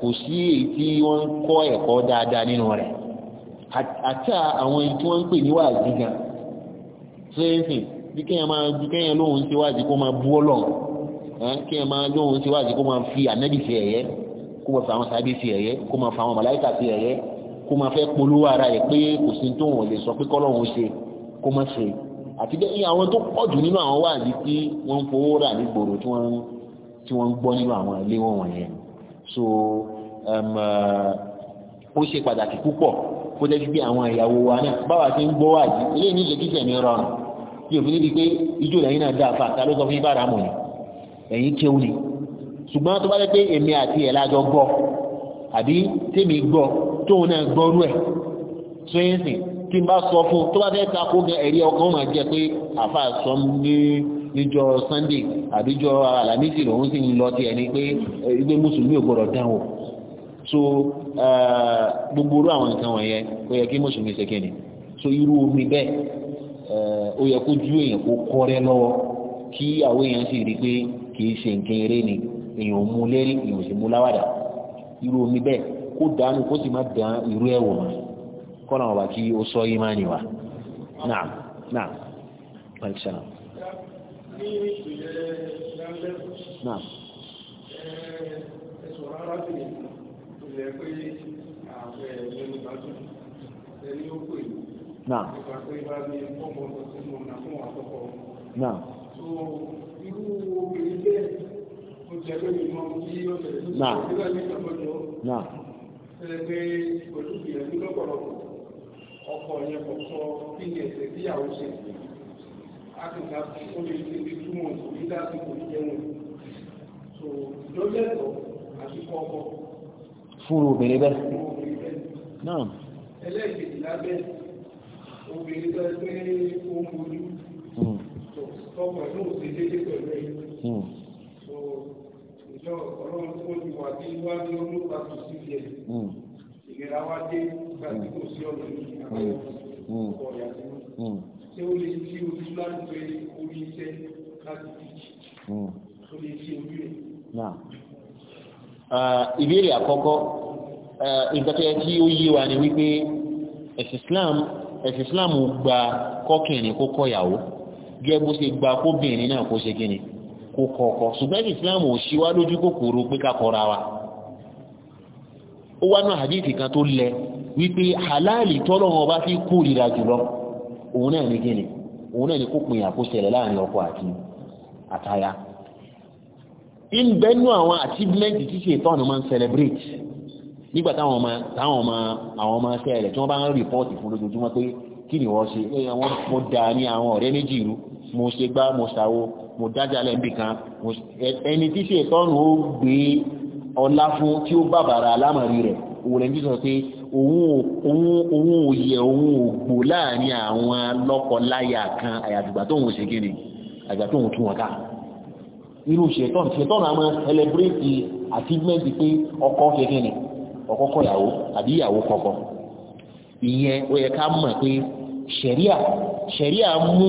kò sí èyí tí wọ́n ń kọ́ ẹ̀kọ́ dáadáa nínú rẹ̀ àti àwọn èyí tí wọ́n ń pè ní wàá gíga sẹ́yìn bí kéèyàn máa bí kéèyàn lóhun ṣe wáàsí kó máa bú ọlọ kéèyàn máa lóhun ṣe wáàsí kó máa fi ànábì sí ẹ̀yẹ kó máa fa àwọn sábẹ sí ẹ̀yẹ kó máa fa àwọn màláìkà sí ẹ̀yẹ kó máa fẹ́ polówó ara rẹ̀ pé kò sí tó wọn lè sọ pé kọ́lọ́hún ṣe kó má ṣe àti bẹ́ẹ̀ àwọn tó pọ̀ jù nínú àwọn wáàsí tí wọ́n ń fowó rà ní gbòòrò tí wọ́n ń gbọ́ nínú àwọn ilé wọn wọ̀nyẹn so ó ṣe pàtàkì púpọ̀ kó lẹ́sí bí àwọn ìyàwó wa náà báwa ti ń gbọ́ wáàsí eléyìí ní ìṣèkíṣẹ́ mi rọrùn bí òfin níbi pé ijó lẹ́yìn náà dáa fa ta ló sọ fún ibà ràmù ni ẹ̀yìn kéwù ni ṣùgbọ́n tó bá dé pé èmi àti ẹ̀ lájọ gbọ́ àbí tèmi gbọ́ tóun náà gbọ́rú ẹ̀ tó yẹn sìn tí n bá sọ fún tó bá fẹ́ takò gan ẹ̀rí ọkàn máa jẹ pé àfa sọ ní níjọ́ Sunday àbíjọ́ Alámísì lòun sì ń lọ tiẹ̀ ni pé ilé mùsùlùmí ò gbọ́dọ̀ dáhùn so gbogbo irú àwọn nǹkan wọ̀nyẹn kò yẹ kí mùsùlùmí ṣe kéde so irú omi bẹ́ẹ̀ ó yẹ kó ju èèyàn kó kọ́rẹ́ lọ́wọ́ kí àwọn èèyàn sì rí i pé kì í ṣe nǹkan eré ni èèyàn mú lérí èèyàn sì mú láwàdà irú omi bẹ́ẹ̀ kó dànù kó sì má dàn irú ẹ̀ wò mọ́ kọ́nà ọ̀bà kí ó sọ yín máa nìwà náà náà báyìí sẹ́nà. náà. ẹ ẹ sọ̀rọ̀ arábìnrin pé. náà. náà. irú obìnrin bẹ́ẹ̀ mo jẹ́ lórí mọ́ kí ó lè tó ṣe ìgbà ní ìjọba náà. ṣẹlẹ̀ pé pẹ̀lú ìrẹ́lú lọ́pọ̀lọpọ̀ ọkọ̀ yẹn kò sọ kí ni ẹ̀sẹ̀ tíyàwó ṣe. a kò ká ó lè ṣe bí túmọ̀ nígbà tí kò ní jẹun. so lọ́lẹ́tọ̀ àti kọ́kọ́. fún obìnrin bẹ́ẹ̀. náà. ẹlẹ́gbẹ̀ẹ́ obìnrin tó pé ó ń bojú hmm. tọkọ náà ṣe déédéé pẹ̀lú ẹ̀ hmm. ìjọ ọlọ́run tó ti wà ní iwájú olóògbà tó sí díẹ̀ hmm. ìlera wá dé gbà tí kò sí ọ̀nà ní àwọn ọkọ̀ ìyàtọ̀ ṣé ó lè ṣí ojú láti pé orí iṣẹ́ láti fi ó lè ṣí ojú ẹ̀. ìbéèrè àkọ́kọ́ nǹkan tó yẹ kí ó yé wa ni wípé ẹ̀sìn Islam ẹ̀sìn islam gba kọkìnrin kó kọyàwó gẹ́gẹ́ bó ṣe gba kóbìnrin náà kó ṣe kíni kó kọkọ ṣùgbọ́n ẹ̀sìn islam ò ṣí wá lójú kòkòrò pé ká wa ó wá náà hadithi kan tó lẹ wípé halali tọ́lọ́run ọba fi kórìíra jùlọ òun náà ní kíni òun náà ní kó pin àkóṣẹlẹ̀ láàrin ọkọ àti àtaya ìbẹ́nu àwọn achievement tí ṣe tọ́nù máa ń celebrate nígbà táwọn ọmọ táwọn ọmọ àwọn ọmọ ṣẹ́ rẹ̀ tí wọ́n bá ń rìpọ́ọ̀tì fún lójoojúmọ́ pé kí ni wọ́n ṣe wọ́n mo dà ní àwọn ọ̀rẹ́ méjì rú mo ṣe gbá mo ṣàwo mo dájà lẹ́ǹbì kan ẹni tí ṣe ìtọ́nù ó gbé ọlá fún tí ó bàbàrà alámọ̀rí rẹ̀ òun lẹ́ni sọ pé òun ò yẹ òun ò gbò láàrin àwọn lọ́kọláya kan àyàdùgbà tóun ṣe kí ni àgbà tóun tún wọn ká irú ṣetán ṣetán àwọn celebrate achievement pé ọkọ ṣe kí ni ọkọkọ yàwó àbí yàwó kọkọ ìyẹn ó yẹ ká mọ̀ pé ṣẹ̀ríà ṣẹ̀ríà mú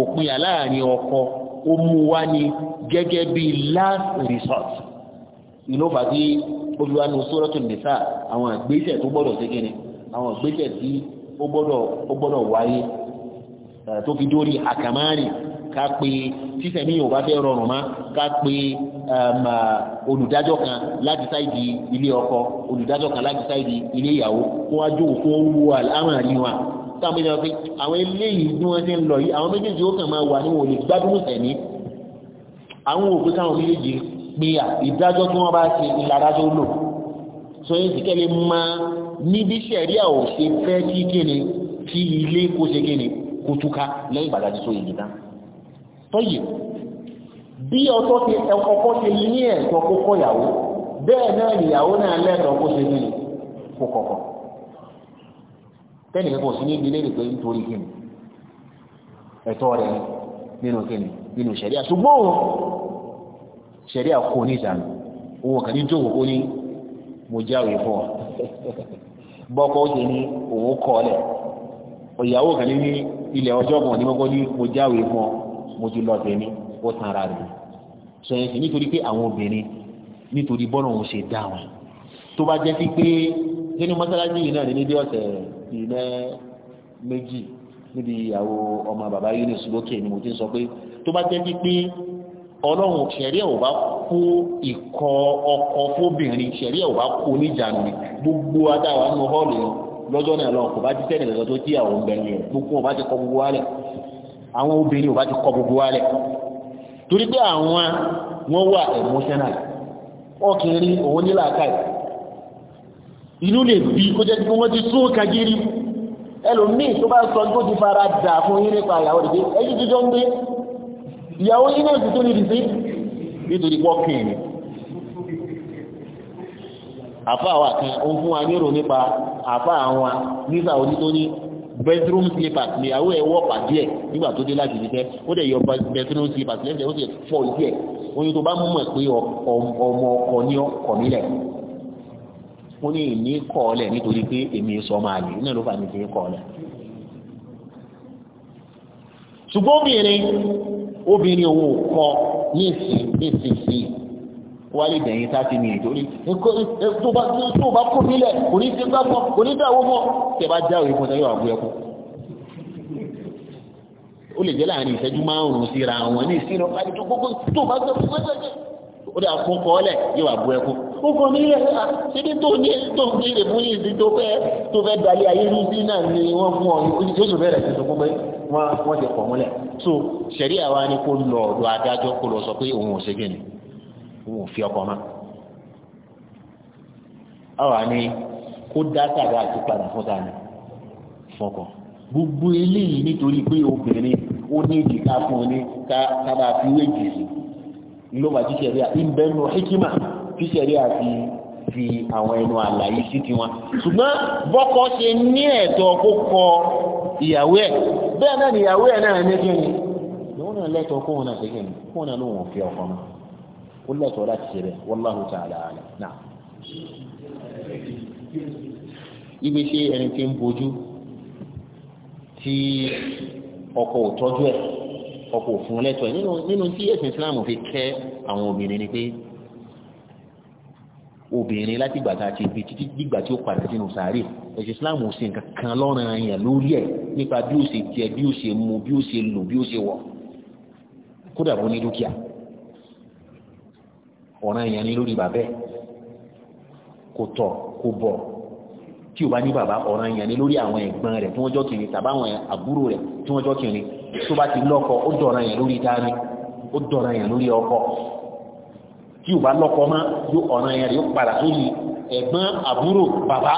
òpin àláàrin ọkọ ó mú wá ní gẹ́gẹ́ bí last resort ìlú fàtí olùwànú suratul nisa àwọn àgbésẹ̀ tó gbọ́dọ̀ ṣe kíni àwọn àgbésẹ̀ tí ó gbọ́dọ̀ wáyé tó fi dórí àkàmárì ká pe tíṣẹ̀mí yóò bá fẹ́ rọrùn mọ́ ká pe um, olùdájọ́ kan láti sáìdì ilé ọkọ olùdájọ́ kan láti sáìdì ilé ìyàwó kó wá jókòó kó wú àmàlí wọn táwọn méjèèjì wọn pé àwọn eléyìí bí wọ́n ti ń lọ yìí àwọn méjèèjì ó kàn máa wà níwọ̀n olè gbádùn sẹ̀mí àwọn òpin káwọn méjèèjì pé ìdájọ́ tí wọ́n bá ṣe ìlara tó lò sọ yẹn sì kẹ́lẹ́ máa níbi sẹ̀ríà ò ṣe fẹ́ kí kíni kí ilé kó ṣe kíni kó túká lẹ́yìn ìgbàdájú tó yẹ nìkan tọ́yì bí ọkọ ti ẹ̀kọ́kọ́ ti ní ẹ̀tọ́ kókọ́ ìyàwó bẹ́ẹ̀ náà ìyàwó náà lẹ́tọ̀ọ́ kó ṣe nínú kó kọ̀kọ̀ tẹ́nì kẹ́kọ̀ọ́ sí ní ibi lérè pé nítorí kíni ẹ̀tọ́ rẹ̀ nínú kíni nínú ṣẹ̀ríà ṣùgbọ́n ṣẹ̀ríà kò ní ìsàmì owó kan ní jókòó kó ní mo jáwèé fún ọ bọ́kọ́ ṣe ní òun kọ́ ọ̀lẹ̀ ìyàwó kan ní ilẹ̀ ọjọ́ kan ní mọ́kọ́ ní mo jáwèé fún ọ mo ti lọ tèmi ó tan ara rẹ̀ sọ yẹn sì nítorí pé àwọn obìnrin nítorí bọ́nà òun ṣe dá wọn tó bá jẹ́ sí pé nínú mọ́sálásí yìí náà ní níbi ọ̀sẹ̀ bíi mẹ́ méjì níbi ìyàwó ọmọ bàbá Yunus lókè ni mo ti sọ pé tó bá jẹ́ sí pé ọlọ́run ṣẹ̀ríà ò bá kó ikọ̀ ọkọ fóbìnrin ṣẹ̀ríà ò bá kó níjànú gbogbo adáwa nínú họ́ọ̀lù lọ́jọ́ náà lọ kò bá ti sẹ́ni lọ́jọ́ tó tíyàwó ń bẹ̀rẹ̀ gbogbo ọba ti kọ gbogbo wálẹ̀ àwọn obìnrin ò bá ti kọ gbogbo wa lẹ̀ torí pé àwọn wọ́n wà emotional ọkùnrin òun nílà káì inú lè bí kó jẹ́ pé wọ́n ti sún kagiri ẹlòmíì tó bá sọ tó ti fara dà fún yín nípa ìyàwó rẹ̀ ẹ̀yìn tó jọ ń gbé ìyàwó yín náà sì tó ní ìdíje nítorí pọ́kìn ni àfa àwa kan ó fún wa nírò nípa àfa àwọn nígbà orí bedroom slippers ni àwọn ẹ̀wọ́ pàdé ẹ̀ nígbà tó dé láti ṣiṣẹ́ ó dẹ̀ yọ bedroom slippers lẹ́sẹ̀ ó sì fọ́ ìdí ẹ̀ oyin tó bá mú mọ̀ pé ọmọ ọkọ ní ọkọ nílẹ̀ ó ní ìní kọ́ ọ lẹ̀ nítorí pé èmi sọ máa lè náà ló fà mí fi kọ́ ọ lẹ̀ ṣùgbọ́n obìnrin obìnrin òun ò kọ ní ìsìn ní ìsìn sí i wálé dẹ̀yìn táti mi nítorí tó bá kó nílẹ̀ onídẹ́gbàgbọ́ onídàwó mọ́ tẹ bá já òye fúnta yóò àbú ẹkú ó lè jẹ́ láàrin ìṣẹ́jú márùn-ún síra àwọn ní ìsinú káàdì tó gbogbo tó bá gbẹ fún ẹgbẹ́ ó dà fún kọ́ọ́lẹ̀ yóò àbú ẹkú ó kọ́ nílẹ̀ ah, ṣébí tó ní tó ń béèrè fún yìí sí tó fẹ́ tó fẹ́ dalẹ̀ ayé ní sí náà ni wọ́n fún ọ oṣù bẹ̀rẹ̀ sí sọ pé wọ́n ti pọ̀ mọ́lẹ̀ so ṣẹ̀rí àwa ni kó lọ ọ̀dọ̀ wọn ò fi ọkọ mọ́ àwa ni kó dá tàbí àti padà fún ta ni fọkọ gbogbo eléyìí nítorí pé obìnrin ó ní ìdíkà fún un ní ká bá fi wéjì sí ló bá ti ṣẹ̀rí àti ìbẹ́nu hikima ti ṣẹ̀rí àti fi àwọn ẹnu àlàyé sí tiwọn ṣùgbọ́n bọ́kọ ṣe ní ẹ̀tọ́ kó kọ ìyàwó ẹ̀ bẹ́ẹ̀ náà ni ìyàwó ẹ̀ náà ní kí ni ìyàwó náà lẹ́tọ̀ọ́ kóun náà ṣe kí ni kóun náà ló wọ̀n fi ọkọ náà ó lẹ́tọ̀ọ́ láti ṣe bẹ́ẹ̀ wallahu ta'ala alam náà. ibi ṣe ẹni tí ń bojú tí ọkọ ò tọ́jú ẹ̀ ọkọ òfin lẹ́tọ̀ọ́ ẹ̀ nínú tí ẹ̀sìn Islam fi kẹ́ àwọn obìnrin ni pé obìnrin láti gbà tá a ti bí títí dìgbà tí ó padà sínú sàárè ẹ̀sìn Islam ò sí nǹkan kan lọ́rùn àyàn lórí ẹ̀ nípa bí ó ṣe jẹ bí ó ṣe mu bí ó ṣe lò bí ó ṣe wọ̀ kódà bó ní dúkìá ọ̀ràn èèyàn ni lórí bàbẹ́ kò tọ̀ kò bọ̀ tí o bá ní bàbá ọ̀ràn èèyàn ni lórí àwọn ẹ̀gbọ́n rẹ̀ tí wọ́n jọ kìnrin tàbáwọn àbúrò rẹ̀ tí wọ́n jọ kìnrin tó bá ti lọ́kọ ó dọ̀ràn èèyàn lórí dání ó dọ̀ràn èèyàn lórí ọkọ tí o bá lọ́kọ mọ́ yóò ọ̀ràn èèyàn yóò padà sórí ẹ̀gbọ́n àbúrò bàbá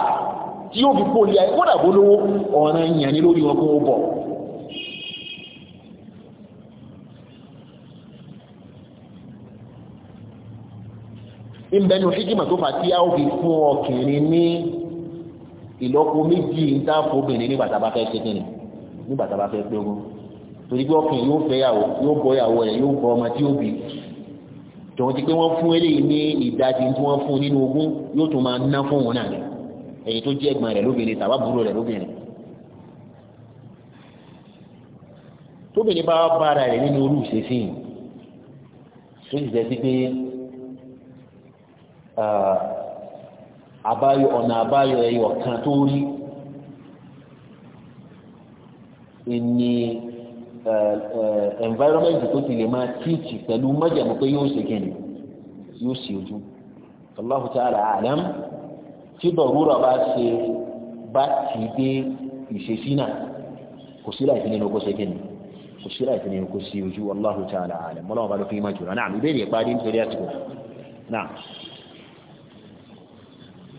tí yóò fi kó lé ayé ìbẹ̀nu ṣíkìmọ̀ tó fà tí a ó fi fún ọkùnrin ní ìlọ́po méjì ń tá fún obìnrin nígbà tá a bá fẹ́ ṣe kíni nígbà tá a bá fẹ́ pé ogún torí pé ọkùnrin yóò fẹ́ yàwó yóò bọ́ yàwó rẹ̀ yóò bọ́ ọmọ tí ó bì tòun ti pé wọ́n fún eléyìí ní ìdajì tí wọ́n fún nínú ogún yóò tún máa ná fún òun náà rẹ̀ èyí tó jẹ́ ẹ̀gbọ́n rẹ̀ lóbìnrin tàbá búrò rẹ̀ lóbìnrin tóbìnrin bá bára rẹ̀ nínú orú ìṣesí yìí tó sì jẹ́ sí pé na uh, ọ̀nà ya ẹ̀yọ̀ kan tó rí uh, uh, environment tó ti lè máa tíìtì pẹ̀lú mọ́jàmú pé yóò ṣe yóò ojú ta'ala a'lam tí dọ̀rúrà bá ṣe ti dé ìṣesí kò sí láì nínú kó ṣe kìnnì kò sí nínú kó ojú ta'ala a'lam mọ́lá wọn fi máa jùlọ náà ìbéèrè parí nítorí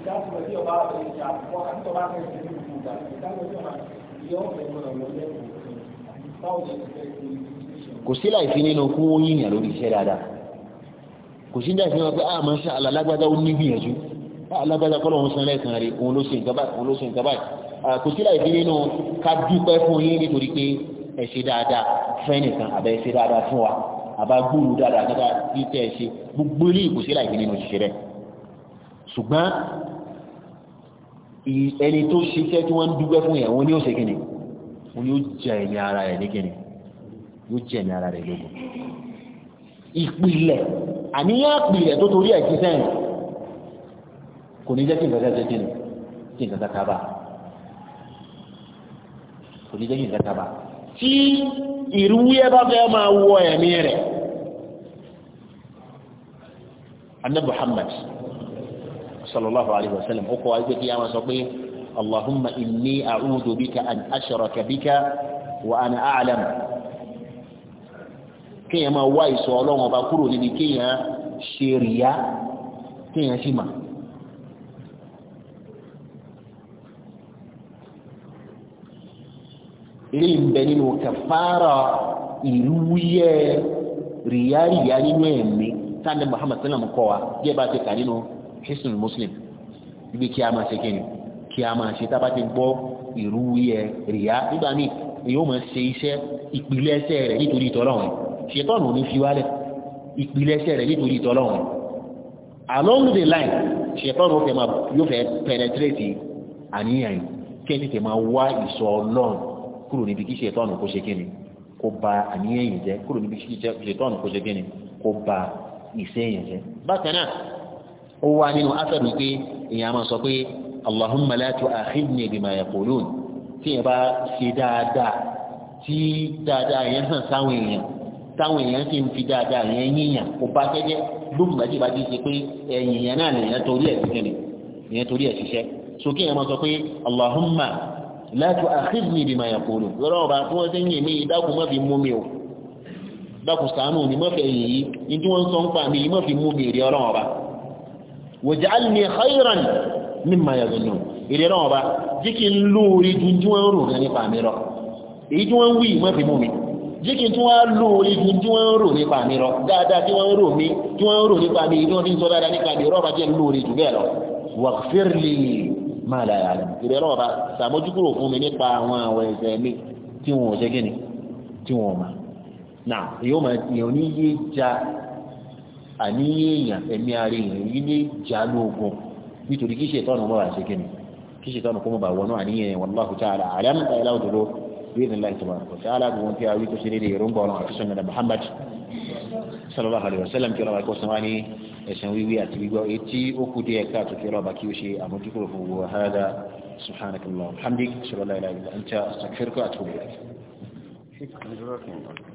ìdáhùn rẹ̀ tí ọba rẹ̀ ṣe àkọ́kọ́ àti ọba rẹ̀ ṣe ní gbogbo ìgbà ìdáhùn rẹ̀ máa yọ ọ̀rẹ́ mọ̀ràn lọ́lẹ́ kò sí láì fi nínú kó yíyàn lórí iṣẹ́ dáadáa kò sí láì fi nínú pé àmọ́ ah, ṣe alágbádá ó ní gbìyànjú alágbádá ah, kọ́ lóun san lẹ́ẹ̀kan rẹ̀ òun ló ṣe nǹkan báyìí òun ló ṣe nǹkan báyìí ah, kò sí láì fi nínú ká dúpẹ́ fún yín nítorí pé ẹ ṣe dáadáa fẹ́nìkan àbẹ́ ṣe dáadáa fún wa àbá gbúrú dáadáa nígbà tí tẹ́ ẹ ṣe gbogbo ilé ìkòsí láì fi nínú ṣiṣẹ́ rẹ̀ ṣùgbọ́n ẹni tó ṣiṣẹ́ tí wọ́n ń dúpẹ́ fún yẹn wọ́n ní òṣè kìnnì wọ́n yóò jẹ ẹ̀mí ara rẹ̀ ní kìnnì yóò jẹ ẹ̀mí ara rẹ̀ lógun ìpìlẹ̀ àníyàn ìpìlẹ̀ tó torí ẹ̀ ti sẹ́yìn kò ní jẹ́ kí nǹkan ṣe kìnnì kí nǹkan ṣe kábà kò ní jẹ́ kí nǹkan kábà tí ìrúwúyẹ́ bá fẹ́ máa wọ ẹ̀mí rẹ̀ anabu Muhammad sallallahu alayhi wa sallam ó kọ́ wáyé pé kí a máa sọ pé allahumma inni a'udhu bika an ashraka bika wa ana a'lam kéèyàn máa wá ìsọ ọlọ́run ọba kúrò níbi kéèyàn ṣe rìá kéèyàn sì mà. ilé ìbẹ nínú kàfàrà ìlú Muhammad sallam kọ́ wa jẹ́ bá ti kà nínú hisnul muslim ibi kí a máa ṣe kíni kí a máa ṣe tá a bá ti gbọ́ ìrú yẹ rìá nígbà míì yóò máa ṣe iṣẹ́ ìpìlẹ̀ ẹsẹ̀ rẹ̀ nítorí ìtọ́lọ́run ṣètọ́nù ò ní fi wálẹ̀ ìpìlẹ̀ ẹsẹ̀ rẹ̀ nítorí ìtọ́lọ́run along the line ṣètọ́nù ó fẹ́ máa yóò fẹ́ penetrate àníyàn kí ẹ tètè máa wá ìsọ ọlọ́run kúrò níbi kí ṣètọ́nù kó ṣe kíni kó ba àníyàn yìí jẹ́ kúrò níbi kí ṣètọ́nù kó ṣe kíni kó ba ìṣe jẹ́ bákan náà ó wá nínú asar wípé èèyàn máa sọ pé allahumma la tu'akhidni bima yaqulun tí èèyàn bá ṣe dáadáa tí dáadáa yẹn hàn sáwọn èèyàn táwọn èèyàn ti ń fi dáadáa yẹn yíyàn kó bá jẹ́jẹ́ lóògbàjì bá ti ṣe pé ẹ̀yìn yẹn náà lèèyàn torí ẹ̀ ṣiṣẹ́ ni èèyàn torí ẹ̀ ṣiṣẹ́ sókè èèyàn máa sọ pé allahumma la tu'akhidni bima yaqulun lọ́rọ̀ ọba tí wọ́n ti ń yè mí dákun má fi mú mi ní tí wọ́n ń sọ ń pa mi má mú mi rí ọlọ́run ọba waj'alni khayran mimma yadhunnun ìrẹ́ náà ọba jí kí n lóore ju tí wọ́n ń rò nípa mi rọ èyí tí wọ́n ń wí ìmọ̀ fi mú mi jí kí n tún wá lóore ju tí wọ́n ń rò nípa mi rọ dáadáa tí wọ́n ń rò mi tí wọ́n ń rò nípa mi tí wọ́n fi ń sọ dáadáa nípa mi rọ́ọ̀bà jẹ́ lóore jù bẹ́ẹ̀ lọ waghfir li ma la ya'lamun ọba sàmójúkúrò fún mi nípa àwọn àwọn ẹ̀ṣẹ̀ mi tí wọn ò jẹ́ gẹ́ni tí wọn ò mà náà àníyàn ẹ̀mí ara èèyàn yìí ní ìjànú ogun nítorí kí ṣètọ́nù mọ́ àṣẹ kí ni kí ṣètọ́nù kó mọ́ bá wọnú àníyàn wallahu ta'ala a'lam ẹ̀lá òdòdó بإذن الله تبارك وتعالى بمن في أويت سيري يرمبا على سنة محمد صلى الله عليه وسلم كلا باكو سماني ẹ̀sìn wíwí àti gbígbọ́ etí ó kú díẹ̀ káàtó kí ọlọ́ba kí ó ṣe àmójúkúrò